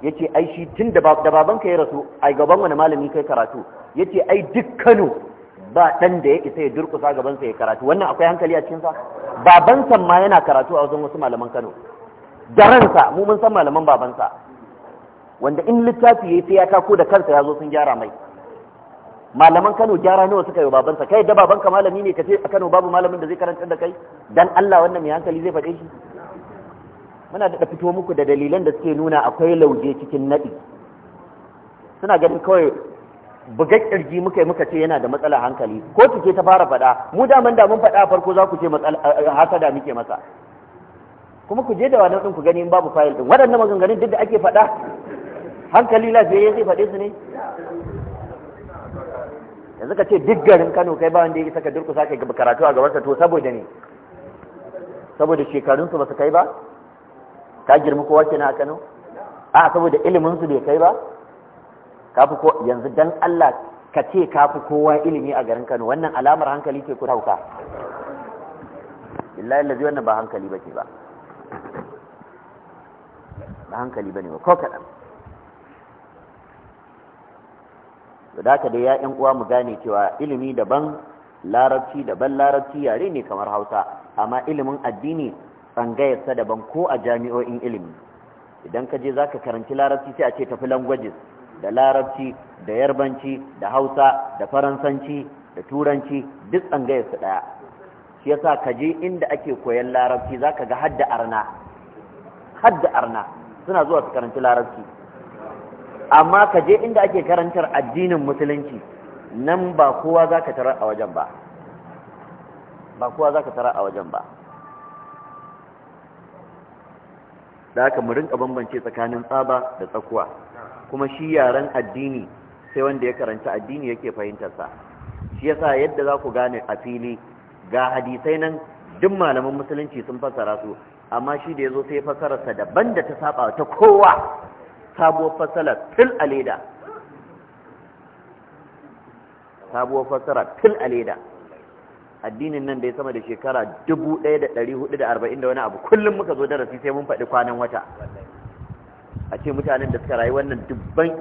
yace ai shi tun da baban ka ya rasu a gaban wani malami kai karatu yace ai duk Kano ba dan da ya isa ya durkusa gaban sa ya karatu wannan akwai hankali a cikin sa baban sa ma yana karatu a wajen wasu malaman Kano daransa mu mun san malaman baban sa wanda in littafi yayi sai ya tako da kansa ya zo sun gyara mai malaman Kano gyara nawa suka yi babansa kai da babanka malami ne kace a Kano babu malamin da zai karantar da kai dan Allah wannan mai hankali zai faɗe shi muna da fito muku da dalilan da suke nuna akwai lauje cikin nadi suna ganin kawai buga ƙirji muka muka ce yana da matsala hankali ko tuke ta fara faɗa mu da mun da mun faɗa farko za ku ce hasada muke masa kuma ku je da wannan din ku gani in babu fayil ɗin waɗannan maganganun duk da ake faɗa hankali lafiya zai faɗe su ne yanzu ka ce duk garin Kano kai ba wanda ya isa ka durkusa kai karatu a gabansa to saboda ne saboda shekarun su ba su kai ba ka girma kowa na a Kano a saboda ilimin su bai kai ba ka fi ko yanzu dan Allah ka ce ka fi kowa ilimi a garin Kano wannan alamar hankali ce ku hauka billahi lazi wannan ba hankali bace ba ba hankali bane ba ko kadan to da haka dai ya ɗan uwa mu gane cewa ilimi daban larabci daban larabci yare ne kamar hausa amma ilimin addini tsangayarsa daban ko a jami'o'in ilimi idan ka je zaka karanci larabci sai a ce tafi languages da larabci da yarbanci da hausa da faransanci da turanci duk tsangayarsu ɗaya shi yasa ka je inda ake koyan larabci za ga hadda arna hadda arna suna zuwa su karanci larabci amma ka je inda ake karantar addinin musulunci nan ba kowa za ka tara a wajen ba ba kowa za ka tara a wajen ba da haka mu rinka bambance tsakanin tsaba da tsakuwa kuma shi yaren addini sai wanda ya karanta addini yake fahimtarsa shi yasa yadda za ku gane a fili ga hadisai nan duk malaman musulunci sun fassara su amma shi da ya zo sai fassararsa daban da ta saba ta kowa sabuwar fasara til a leda sabuwar fasara fil a leda addinin nan da ya sama da shekara 1440 da wani abu kullum muka zo darasi sai mun faɗi kwanan wata a ce mutanen da suka rayu wannan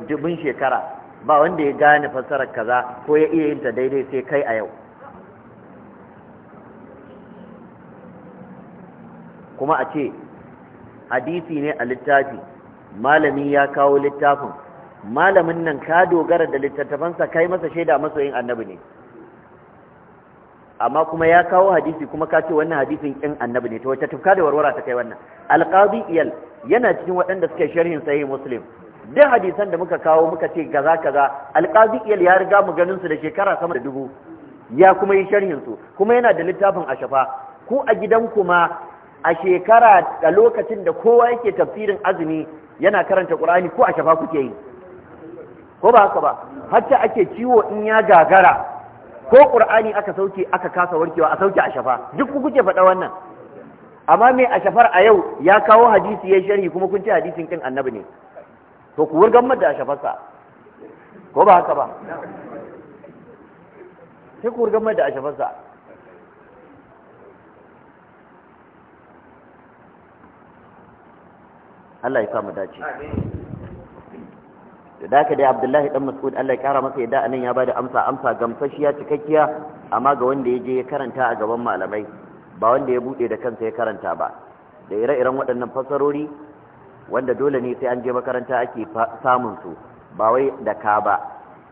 dubban shekara ba wanda ya gane fasarar kaza ko ya iya yin ta daidai sai kai a yau kuma a ce hadisi ne a littafi malami ya kawo littafin malamin nan ka dogara da littattafansa kai masa shaida masoyin annabi ne amma kuma ya kawo hadisi kuma ka ce wannan hadisin kin annabi ne to wata tufka da warwara ta kai wannan alqadi iyal yana cikin waɗanda suke sharhin sahih muslim duk hadisan da muka kawo muka ce kaza kaza alqadi iyal ya riga mu ganin su da shekara sama da dubu ya kuma yi sharhin su kuma yana da littafin shafa. ko a gidan ma a shekara a lokacin da kowa yake tafsirin azumi yana karanta qur'ani ko a shafa kuke yi ko ba haka ba hatta ake ciwo in ya gagara ko qur'ani aka sauke aka kasa warkewa a sauke a shafa duk ku kuke faɗa wannan amma me a shafar a yau ya kawo hadisi ya sharhi kuma kun ce hadisin kin annabi ne to ku wurgan madda a sa ko ba haka ba sai ku wurgan madda a sa Allah ya samu dace da daka dai Abdullahi dan Mas'ud Allah ya kara masa yadda anan ya bada amsa amsa gamsashiya cikakkiya amma ga wanda ya je ya karanta a gaban malamai ba wanda ya bude da kansa ya karanta ba da ire-iren waɗannan fasarori wanda dole ne sai an je makaranta ake samun su ba wai da ka ba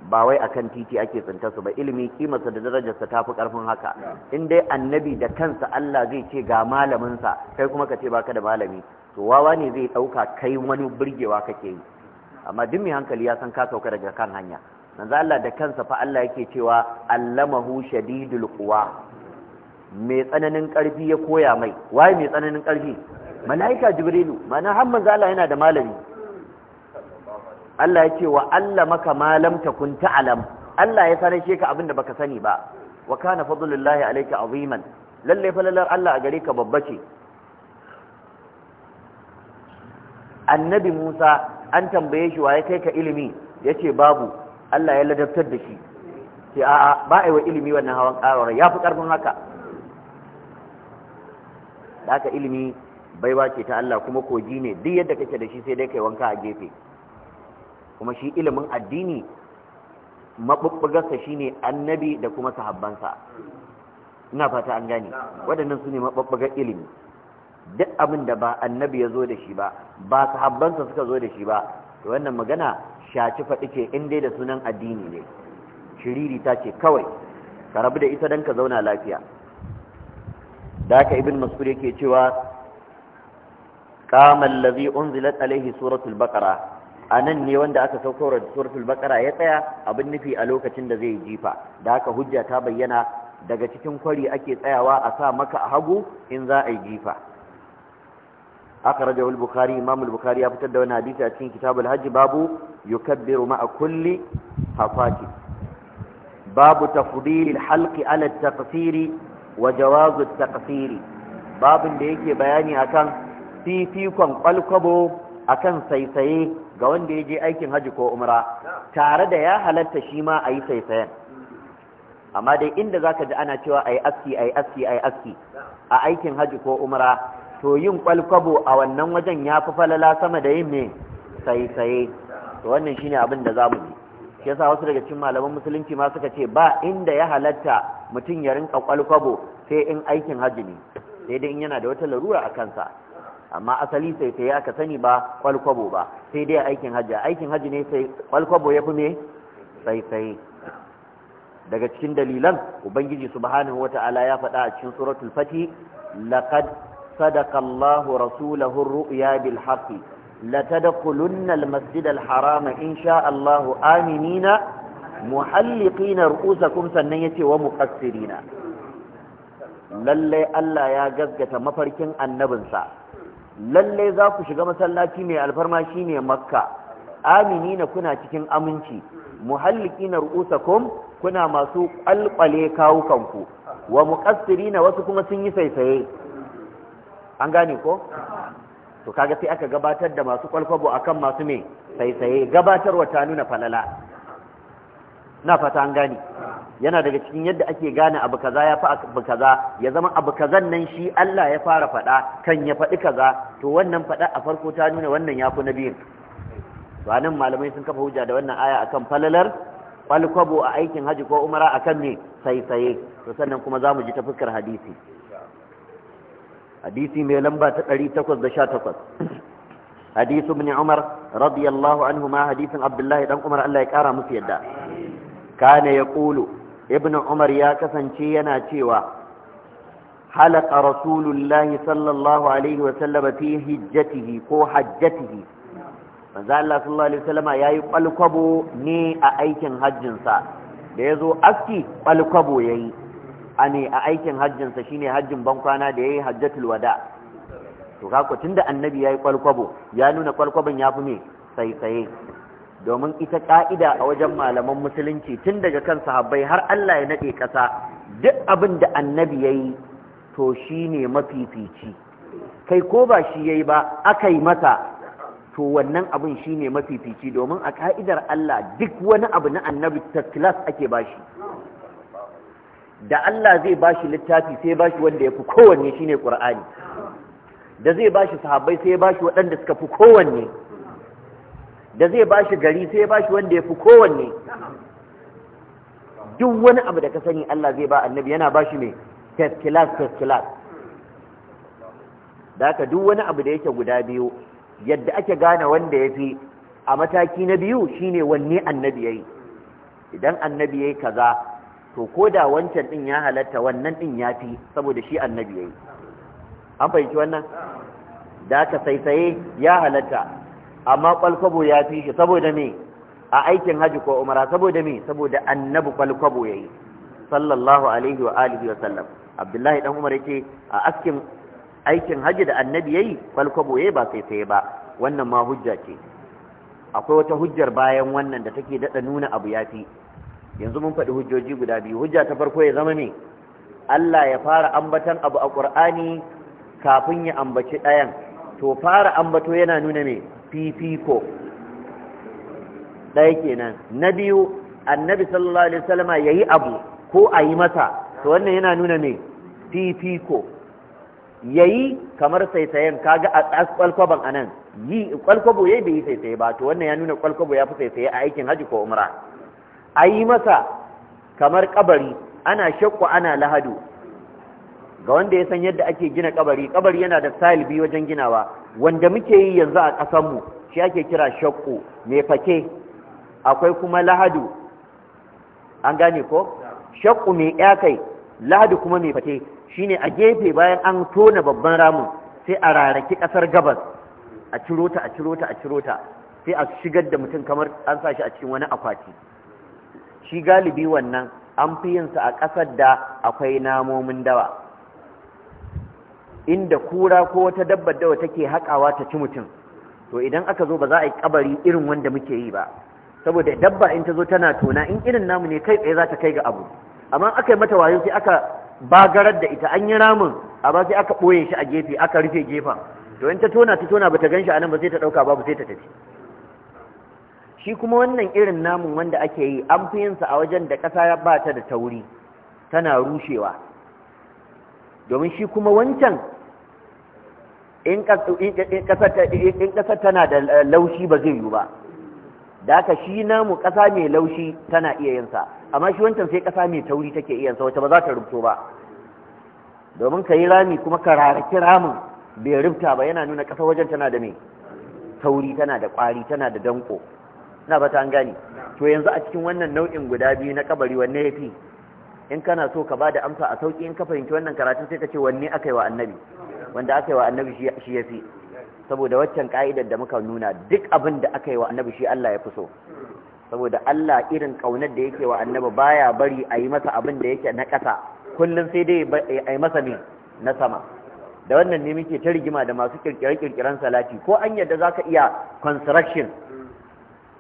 ba wai akan titi ake tsinta su ba ilimi kimarsa da darajarsa tafi karfin haka in dai annabi da kansa Allah zai ce ga malaminsa kai kuma ka ce baka da malami to wawa ne zai ɗauka kai wani burgewa kake yi amma duk mai hankali ya san ka sauka daga kan hanya za Allah da kansa fa Allah yake cewa allamahu shadidul quwa mai tsananin ƙarfi ya koya mai waye mai tsananin ƙarfi mala'ika jibrilu mana har manzo Allah yana da malami Allah yake wa allamaka ma lam takun ta'lam Allah ya sanar sheka ka abinda baka sani ba wa kana fadlullahi alayka aziman lalle lalle Allah a gare ka babba ce annabi Musa an tambaye shi waye kai ka ilimi yace babu Allah ya ladabtar da shi sai a'a ba ai wa ilimi wannan hawan karar ya fi karfin haka da aka ilimi baiwa ce ta Allah kuma kogi ne duk yadda kake da shi sai dai kai wanka a gefe kuma shi ilimin addini mabubbugarsa shine annabi da kuma sahabbansa ina fata an gane waɗannan su ne mabubbugar ilimi duk abin da ba annabi ya zo da shi ba ba sahabbansa suka zo da shi ba to wannan magana shaci faɗi ce in dai da sunan addini ne shiriri ta ce kawai ka rabu da ita don ka zauna lafiya da haka ibn mas'ud yake cewa qama allazi unzilat alaihi suratul baqara anan ne wanda aka saukar da suratul baqara ya tsaya abin nufi a lokacin da zai jifa da haka hujja ta bayyana daga cikin kwari ake tsayawa a sa maka a hagu in za a yi jifa akhrajahu al-bukhari imam al-bukhari ya fitar da wani hadisi a cikin kitab al-hajj babu yukabbiru ma'a kulli hafati babu tafdil al-halqi ala at-taqsiri wa jawaz at babin da yake bayani akan fifikon kwalkwabo akan saisaye ga wanda ya je aikin hajji ko umra tare da ya halatta shi ma ayi saisayen amma dai inda zaka ji ana cewa ayi aski ai aski ai aski a aikin hajji ko umra to yin kwalkwabo a wannan wajen ya fi falala sama da yin mai saisaye to wannan shine abin da za mu yi shi yasa wasu daga cikin malaman musulunci ma suka ce ba inda ya halatta mutum ya rinka kwalkwabo sai in aikin hajji ne sai dai in yana da wata larura a kansa amma asali sai sai aka sani ba kwalkwabo ba sai dai aikin hajji aikin hajji ne sai kwalkwabo ya fi me sai daga cikin dalilan ubangiji subhanahu wata'ala ya faɗa a cikin suratul fati laqad صدق الله رسوله الرؤيا بالحق لتدخلن المسجد الحرام إن شاء الله آمنين محلقين رؤوسكم سنية ومقصرين lallai Allah ya gaskata mafarkin annabinsa lallai za ku shiga masallaci mai alfarma shine makka Aminina kuna cikin aminci muhalliki na ru'usakum kuna masu kwalkwale kawukanku wa muqassiri na wasu kuma sun yi saisaye an gane ko to kaga sai aka gabatar da masu kwalkwabo akan masu me saisaye gabatarwa ta nuna falala na fata an gane yana daga cikin yadda ake gane abu kaza ya fa abu kaza ya zama abu kazan nan shi Allah ya fara faɗa kan ya faɗi kaza to wannan fada a farko ta nuna wannan ya fi na biyun malamai sun kafa hujja da wannan aya akan falalar kwalkwabo a aikin haji ko umara akan sai saisaye to sannan kuma zamu ji ta fuskar hadisi hadisi mai lamba ta 818 hadisu ibn umar radiyallahu anhu ma hadisin abdullahi dan umar Allah ya kara musu yadda kana yaqulu ibn umar ya kasance yana cewa حلق رسول الله صلى الله عليه وسلم في حجته كو حجته manzo Allah sallallahu alaihi wasallama yayi kwalkwabo ne a aikin hajjinsa sa da yazo aski kwalkwabo yayi a ne a aikin hajjinsa shine hajjin bankwana da ya yi hajjatul wada to kako da annabi ya yi kwalkwabo ya nuna kwalkwabon ya fi mai saisaye domin ita ka'ida a wajen malaman musulunci tun daga kan sahabbai har Allah ya naɗe ƙasa duk abin da annabi ya yi to shi ne mafifici kai ko ba shi ya yi ba aka yi masa to wannan abin shi ne mafifici domin a ka'idar Allah duk wani abu na annabi ta class ake bashi da Allah zai ba shi littafi sai ba shi wanda ya fi kowanne shine ƙura'ani da zai ba shi sahabbai sai ba shi waɗanda suka fi kowanne da zai ba shi gari sai ba shi wanda ya fi kowanne duk wani abu da ka sani Allah zai ba annabi yana ba shi mai first class first class da haka duk wani abu da yake guda biyu yadda ake gane wanda ya fi a mataki na biyu shine wanne annabi ya yi idan annabi ya yi kaza to ko da wancan din ya halatta wannan din ya fi saboda shi annabi yayi an fahimci wannan da ka saisaye ya halatta amma kwalkwabo ya fi shi saboda me a aikin haji ko umara saboda me saboda annabi kwalkwabo yayi sallallahu alaihi wa alihi wa sallam abdullahi dan umar yake a askin aikin haji da annabi yayi kwalkwabo yayi ba saisaye ba wannan ma hujja ce akwai wata hujjar bayan wannan da take daɗa nuna abu yafi yanzu mun faɗi hujjoji guda biyu hujja ta farko ya zama ne Allah ya fara ambatan abu a Qur'ani kafin ya ambaci ɗayan to fara ambato yana nuna me fifiko ɗaya kenan na biyu annabi sallallahu alaihi wasallama yayi abu ko a yi masa to wannan yana nuna me fifiko yayi kamar saisayen kaga a kwalkwaban anan yi kwalkwabo yayi bai yi saisaye ba to wannan ya nuna kwalkwabo ya fi saisaye a aikin haji ko umra Ayi masa kamar kabari ana shakku ana lahadu ga wanda ya san yadda ake gina kabari kabari yana da style biyu wajen ginawa wanda muke yi yanzu a ƙasanmu shi ake kira shakku mai fake akwai kuma lahadu an gane ko shakku mai yakai lahadu kuma mai fake shine a gefe bayan an tona babban ramin sai a rarraki kasar gabas a ciro ta a ciro ta a ciro ta sai a shigar da mutum kamar an sa shi a cikin wani akwati shi galibi wannan an fi sa a ƙasar da akwai namomin dawa inda kura ko wata dabbar dawa take haƙawa ta ci mutum to idan aka zo ba za a yi kabari irin wanda muke yi ba saboda dabba in ta zo tana tona in irin namu ne kai tsaye za ta kai ga abu amma aka yi mata wayo sai aka bagarar da ita an yi ramin ba sai aka ɓoye shi a gefe aka rufe gefen to in ta tona ta tona ba ta gan shi a nan ba sai ta ɗauka babu sai ta tafi shi kuma wannan irin namun wanda ake yi an fi yinsa a wajen da ƙasa ba ta da tauri tana rushewa domin shi kuma wancan in ƙasar tana da laushi ba zai yi ba da aka shi namu ƙasa mai laushi tana iya yinsa amma shi wancan sai ƙasa mai tauri take iya yinsa wacce ba za ta rubuto ba domin ka yi rami kuma ka rarraki ramin bai rubuta ba yana nuna ƙasa wajen tana da mai tauri tana da ƙwari tana da danko na ba ta gani to yanzu a cikin wannan nau'in guda biyu na kabari wanne ya fi in kana so ka ba da amsa a sauƙi in ka fahimci wannan karatun sai ka ce wanne aka yi wa annabi wanda aka yi wa annabi shi ya fi saboda waccan ka'idar da muka nuna duk abin da aka yi wa annabi shi Allah ya fi so saboda Allah irin ƙaunar da yake wa annabi baya bari a yi masa abin da yake na ƙasa kullum sai dai a yi masa ne na sama da wannan ne muke ta rigima da masu kirkire-kirkiren salati ko an yadda za ka iya construction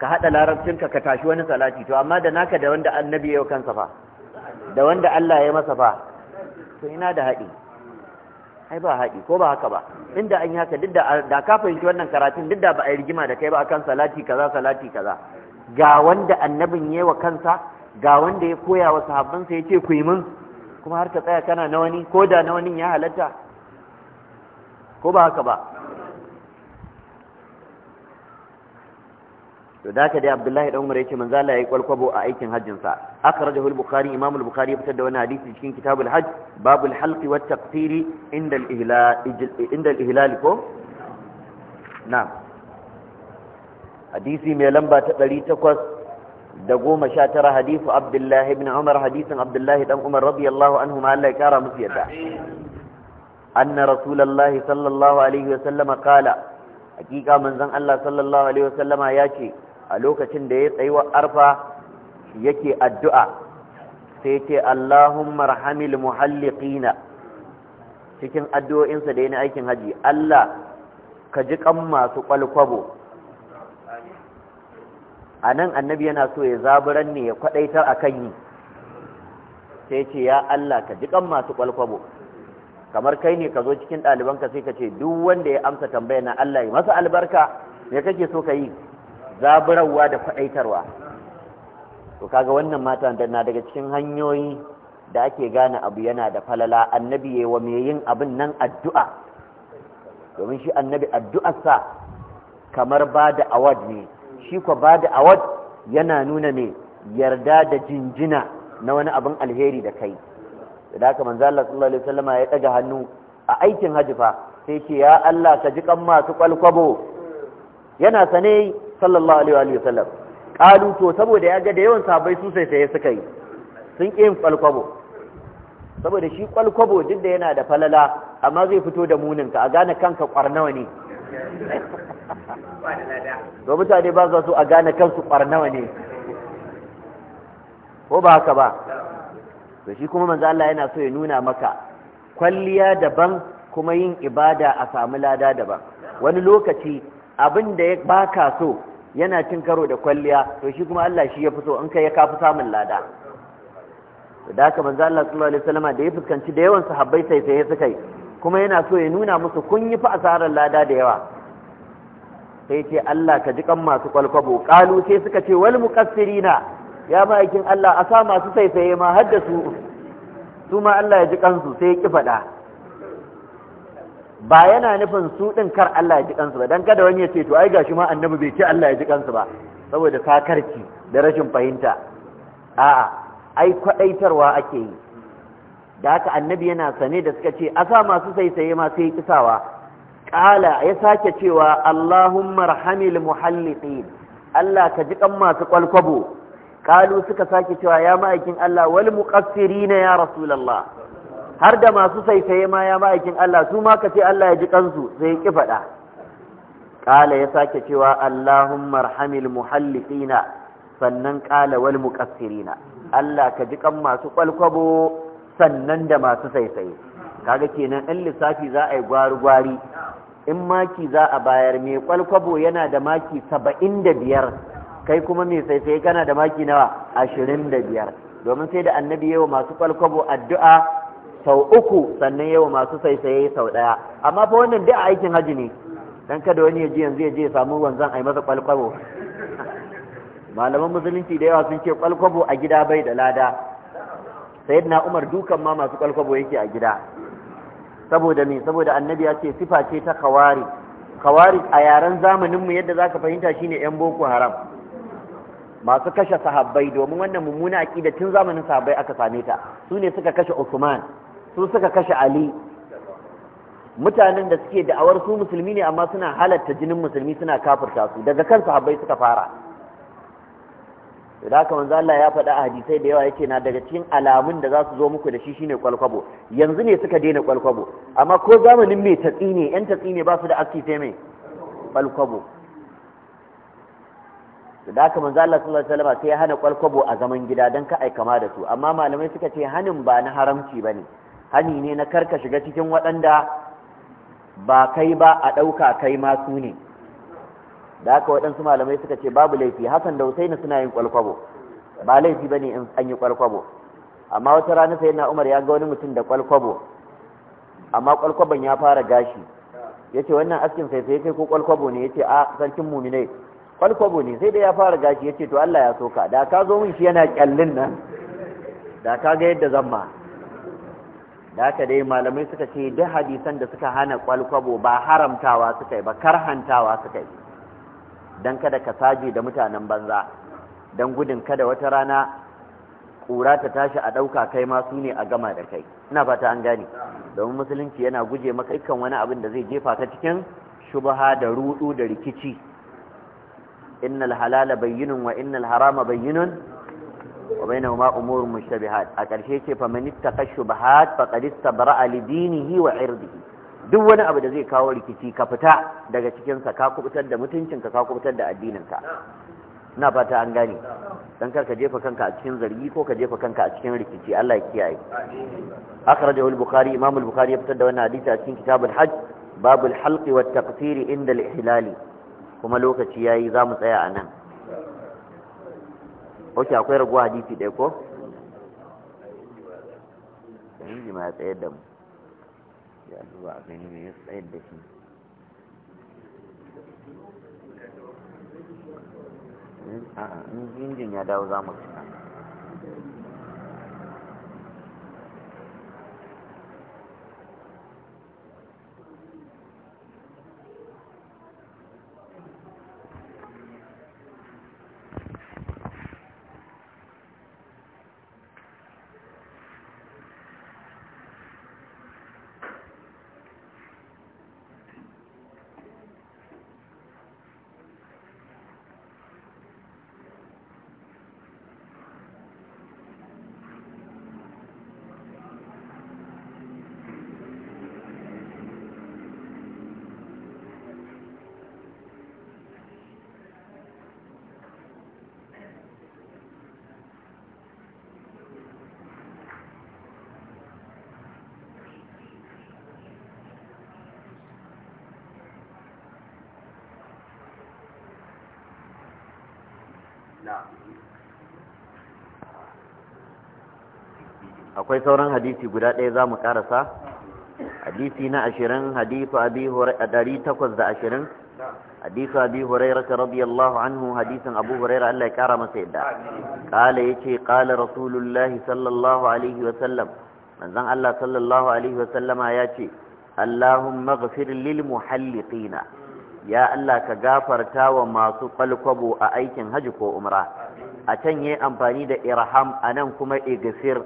ka hada larabcinka ka tashi wani salati to amma da naka da wanda annabi ya yi kansa fa da wanda Allah ya masa fa to ina da haɗi ai ba haɗi ko ba haka ba inda an yi haka duk da ka fahimci wannan karatun duk da ba a yi rigima da kai ba akan salati kaza salati kaza ga wanda annabin ya wa kansa ga wanda ya koya wa sahabbansa ya ce ku yi min kuma har ka tsaya kana na wani ko da na wani ya halatta ko ba haka ba to da haka dai Abdullahi dan Umar yace manzo Allah yi kwalkwabo a aikin hajjin sa akhrajahu al-Bukhari Imam al-Bukhari ya fitar da wani hadisi cikin Kitabul Hajj babul halqi wat taqsiri inda al-ihlal inda al-ihlal ko na'am hadisi mai lamba ta 800 da goma sha tara hadisu abdullahi ibn umar hadisin abdullahi dan umar radiyallahu anhu ma Allah ya kara musu yadda anna rasulullahi sallallahu alaihi wa sallama qala hakika manzon Allah sallallahu alaihi wa sallama ya ce a lokacin da ya wa arfa yake addu'a sai ce Allahumma rahamil muhalliqina cikin addu'o'insa da yana aikin haji Allah ka ji kan masu kwalkwabo a nan annabi yana so ya zaburan ne ya kwadaitar a kan yi sai ce ya Allah ka ji kan masu kwalkwabo kamar kai ne ka zo cikin ɗalibanka sai ka ce duk wanda ya amsa tambaya na Allah ya masa albarka ya kake so ka yi zaburarwa da kwaɗaitarwa to kaga wannan mata na daga cikin hanyoyi da ake gane abu yana da falala annabi yi wa mai yin abin nan addu'a domin shi annabi addu'arsa kamar ba da award ne shi kwa ba da award yana nuna ne yarda da jinjina na wani abin alheri da kai da haka manzo Allah sallallahu alaihi wasallama ya daga hannu a aikin hajji fa sai ce ya Allah ka ji kan masu kwalkwabo yana sane sallallahu alaihi wa sallam qalu to saboda ya ga da yawan sabai su sai sai suka yi sun ƙi yin kwalkwabo saboda shi kwalkwabo duk da yana da falala amma zai fito da muninka a gane kanka kwarnawa ne to mutane ba za su a gane kansu kwarnawa ne ko ba haka ba to shi kuma manzo Allah yana so ya nuna maka kwalliya daban kuma yin ibada a samu lada daban wani lokaci abin da ya baka so yana cin karo da kwalliya to shi kuma Allah shi ya fito in kai ya kafi samun lada da haka manzo Allah sallallahu alaihi wasallama da ya fuskanci da yawan sahabbai sai sai suka yi kuma yana so ya nuna musu kun yi fa asarar lada da yawa sai ce Allah ka ji kan masu kwalkwabo kalu sai suka ce wal muqassirina ya ma'aikin Allah a sa masu sai-sai ma haddasu su ma Allah ya ji kansu sai ya ki faɗa ba yana nufin su din kar Allah ya ji kansu ba dan kada wani ya ce to ai gashi ma annabi bai ce Allah ya ji kansu ba saboda sakarci da rashin fahimta a'a ai kwadaitarwa ake yi da haka annabi yana sane da suka ce asa masu saisaye ma sai kisawa qala ya sake cewa Allahumma rahamil muhalliqin Allah ka ji masu kwalkwabo kalu suka sake cewa ya ma'aikin Allah wal muqassirina ya rasulullah har da masu saisaye ma ya ma'aikin Allah su ma ka ce Allah ya ji kansu sai ya ki faɗa ƙala ya sake cewa Allahumma marhamil muhallisina sannan ƙala wal muqassirina Allah ka ji kan masu kwalkwabo sannan da masu saisaye kaga kenan in lissafi za a yi gwari gwari in maki za a bayar mai kwalkwabo yana da maki saba'in da biyar kai kuma mai saisaye kana da maki nawa ashirin da biyar domin sai da annabi yawa masu kwalkwabo addu'a sau uku sannan yau masu saisaye sau daya amma fa wannan duk a aikin haji ne dan kada wani ya ji yanzu ya je ya samu wanzan a masa kwalkwabo malaman musulunci da yawa sun ce kwalkwabo a gida bai da lada sayyidina umar dukan ma masu kwalkwabo yake a gida saboda me saboda annabi ya ce sifa ce ta kawari kawari a yaren zamaninmu yadda zaka fahimta shine yan boko haram masu kashe sahabbai domin wannan mummuna aqida tun zamanin sahabbai aka same ta su ne suka kashe Usman su suka kashe ali mutanen da suke da'awar su musulmi ne amma suna halatta jinin musulmi suna kafirta su daga kansu habai suka fara da haka manzo Allah ya faɗa a hadisai da yawa yake na daga cikin alamun da za su zo muku da shi shine kwalkwabo yanzu ne suka daina kwalkwabo amma ko zamanin mai tatsi ne yan tatsi ne ba su da aski sai mai kwalkwabo da haka manzo Allah sallallahu alaihi wasallam sai ya hana kwalkwabo a zaman gida dan ka ai kama da su amma malamai suka ce hanin ba na haramci bane hani ne na karka shiga cikin waɗanda ba kai ba a ɗauka kai ma su ne da haka waɗansu malamai suka ce babu laifi hasan da husaini suna yin kwalkwabo ba laifi ba ne in an yi kwalkwabo amma wata rana sai na umar ya ga wani mutum da kwalkwabo amma kwalkwabon ya fara gashi ya ce wannan askin sai sai kai ko kwalkwabo ne ya ce a sarkin muminai kwalkwabo ne sai dai ya fara gashi ya ce to Allah ya soka da ka zo min shi yana kyallin nan da ka ga yadda zan ma da haka dai malamai suka ce duk hadisan da suka hana kwalkwabo ba haramtawa suka yi ba karhantawa suka yi don kada ka saje da mutanen banza don gudun kada wata rana kura ta tashi a ɗauka kai ma su ne a gama da kai ina fata an gane domin musulunci yana guje maka ikan wani abin da zai jefa ka cikin shubha da rudu da rikici innal halala bayyinun wa innal harama bayyinun wa bainahuma umurun mushtabihat a karshe ce fa man ittaqa shubahat faqad istabra'a li dinihi wa irdihi duk wani abu da zai kawo rikici ka fita daga cikin sa ka kubutar da mutuncin ka ka kubutar da addinin ka ina fata an gane dan kar ka jefa kanka a cikin zargi ko ka jefa kanka a cikin rikici Allah ya kiyaye akhrajahu al-bukhari imam al-bukhari ya fitar da wannan hadisi a cikin kitabul hajj babul halqi wat taqsir inda al-ihlali kuma lokaci yayi zamu tsaya anan ok akwai raguwa hadisi ɗaya ko? sanin ma ya tsayar da mu ya zuwa a gani mai ya tsayar da shi eh, injin ya dawo za mu akwai sauran hadisi guda ɗaya za mu ƙarasa hadisi na ashirin hadisu abi ɗari takwas da ashirin hadisu abi huraira ka radiyallahu anhu hadisin abu huraira Allah ya ƙara masa yadda ƙala ya ce ƙala rasulullahi sallallahu alaihi wa sallam manzan Allah sallallahu alaihi wa sallama ya ce Allahumma ghafir lil muhalliqina ya Allah ka gafarta wa masu kwalkwabo a aikin hajji ko umra a can yayi amfani da irham nan kuma igfir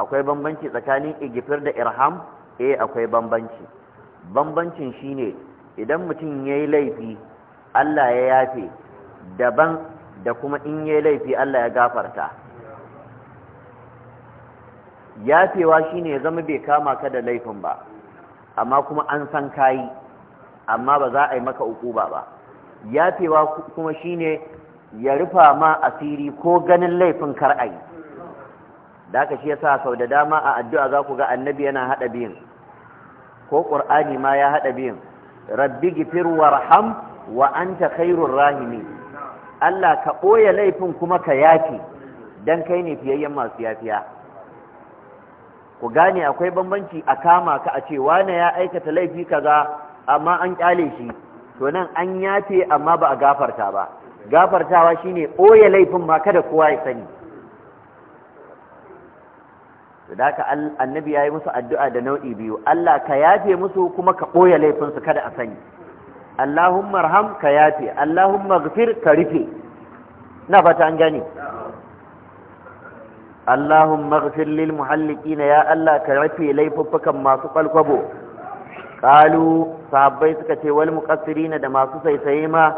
akwai bambanci tsakanin igifir da irham eh akwai bambanci bambancin shine idan mutum yayi laifi Allah ya yafe daban da kuma in yayi laifi Allah ya gafarta yafewa shine ya zama bai kama ka da laifin ba amma kuma an san kayi amma ba za a yi maka ukuba ba yafewa kuma shine ya rufa ma asiri ko ganin laifin kar a yi da aka shi yasa sau da dama a addu'a za ku ga annabi yana haɗa biyun ko ƙur'ani ma ya haɗa biyun rabbi gifir warham wa anta khairur rahimi Allah ka ɓoye laifin kuma ka yafi don kai ne fiyayyen masu yafiya ku gane akwai bambanci a kama ka a cewa wane ya aikata laifi kaza amma an ƙyale shi to nan an yafe amma ba a gafarta ba gafartawa shine ɓoye laifin ma kada kowa ya sani da haka annabi ya yi musu addu'a da nau'i biyu Allah ka yafe musu kuma ka ɓoye laifinsu kada a sani Allahumma arham ka yafe Allahumma gfir ka rufe na fata an gani Allahumma gfir lil muhallikina ya Allah ka rufe laifuffukan masu kwalkwabo qalu sahabbai suka ce wal na da masu saisaye ma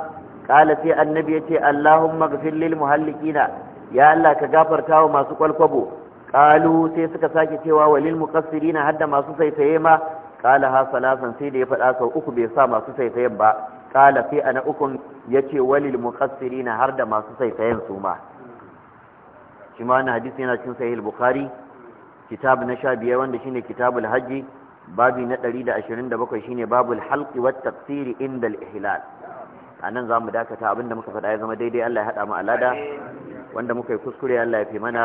qala sai annabi ce Allahumma gfir lil muhallikina ya Allah ka gafarta wa masu kwalkwabo qalu sai suka sake cewa walil muqassirina hadda masu saisaye ma qala ha salasan sai da ya fada sau uku bai sa masu saisayen ba qala fi ana uku yace walil muqassirina har da masu saisayen su ma shi ma wannan hadisi yana cikin sahih al-bukhari kitab na 15 wanda shine kitabul hajji babi na 127 shine babul halqi wat tafsiri inda al-ihlal anan zamu dakata abinda muka faɗa ya zama daidai Allah ya haɗa mu alada wanda muka yi kuskure Allah ya fi mana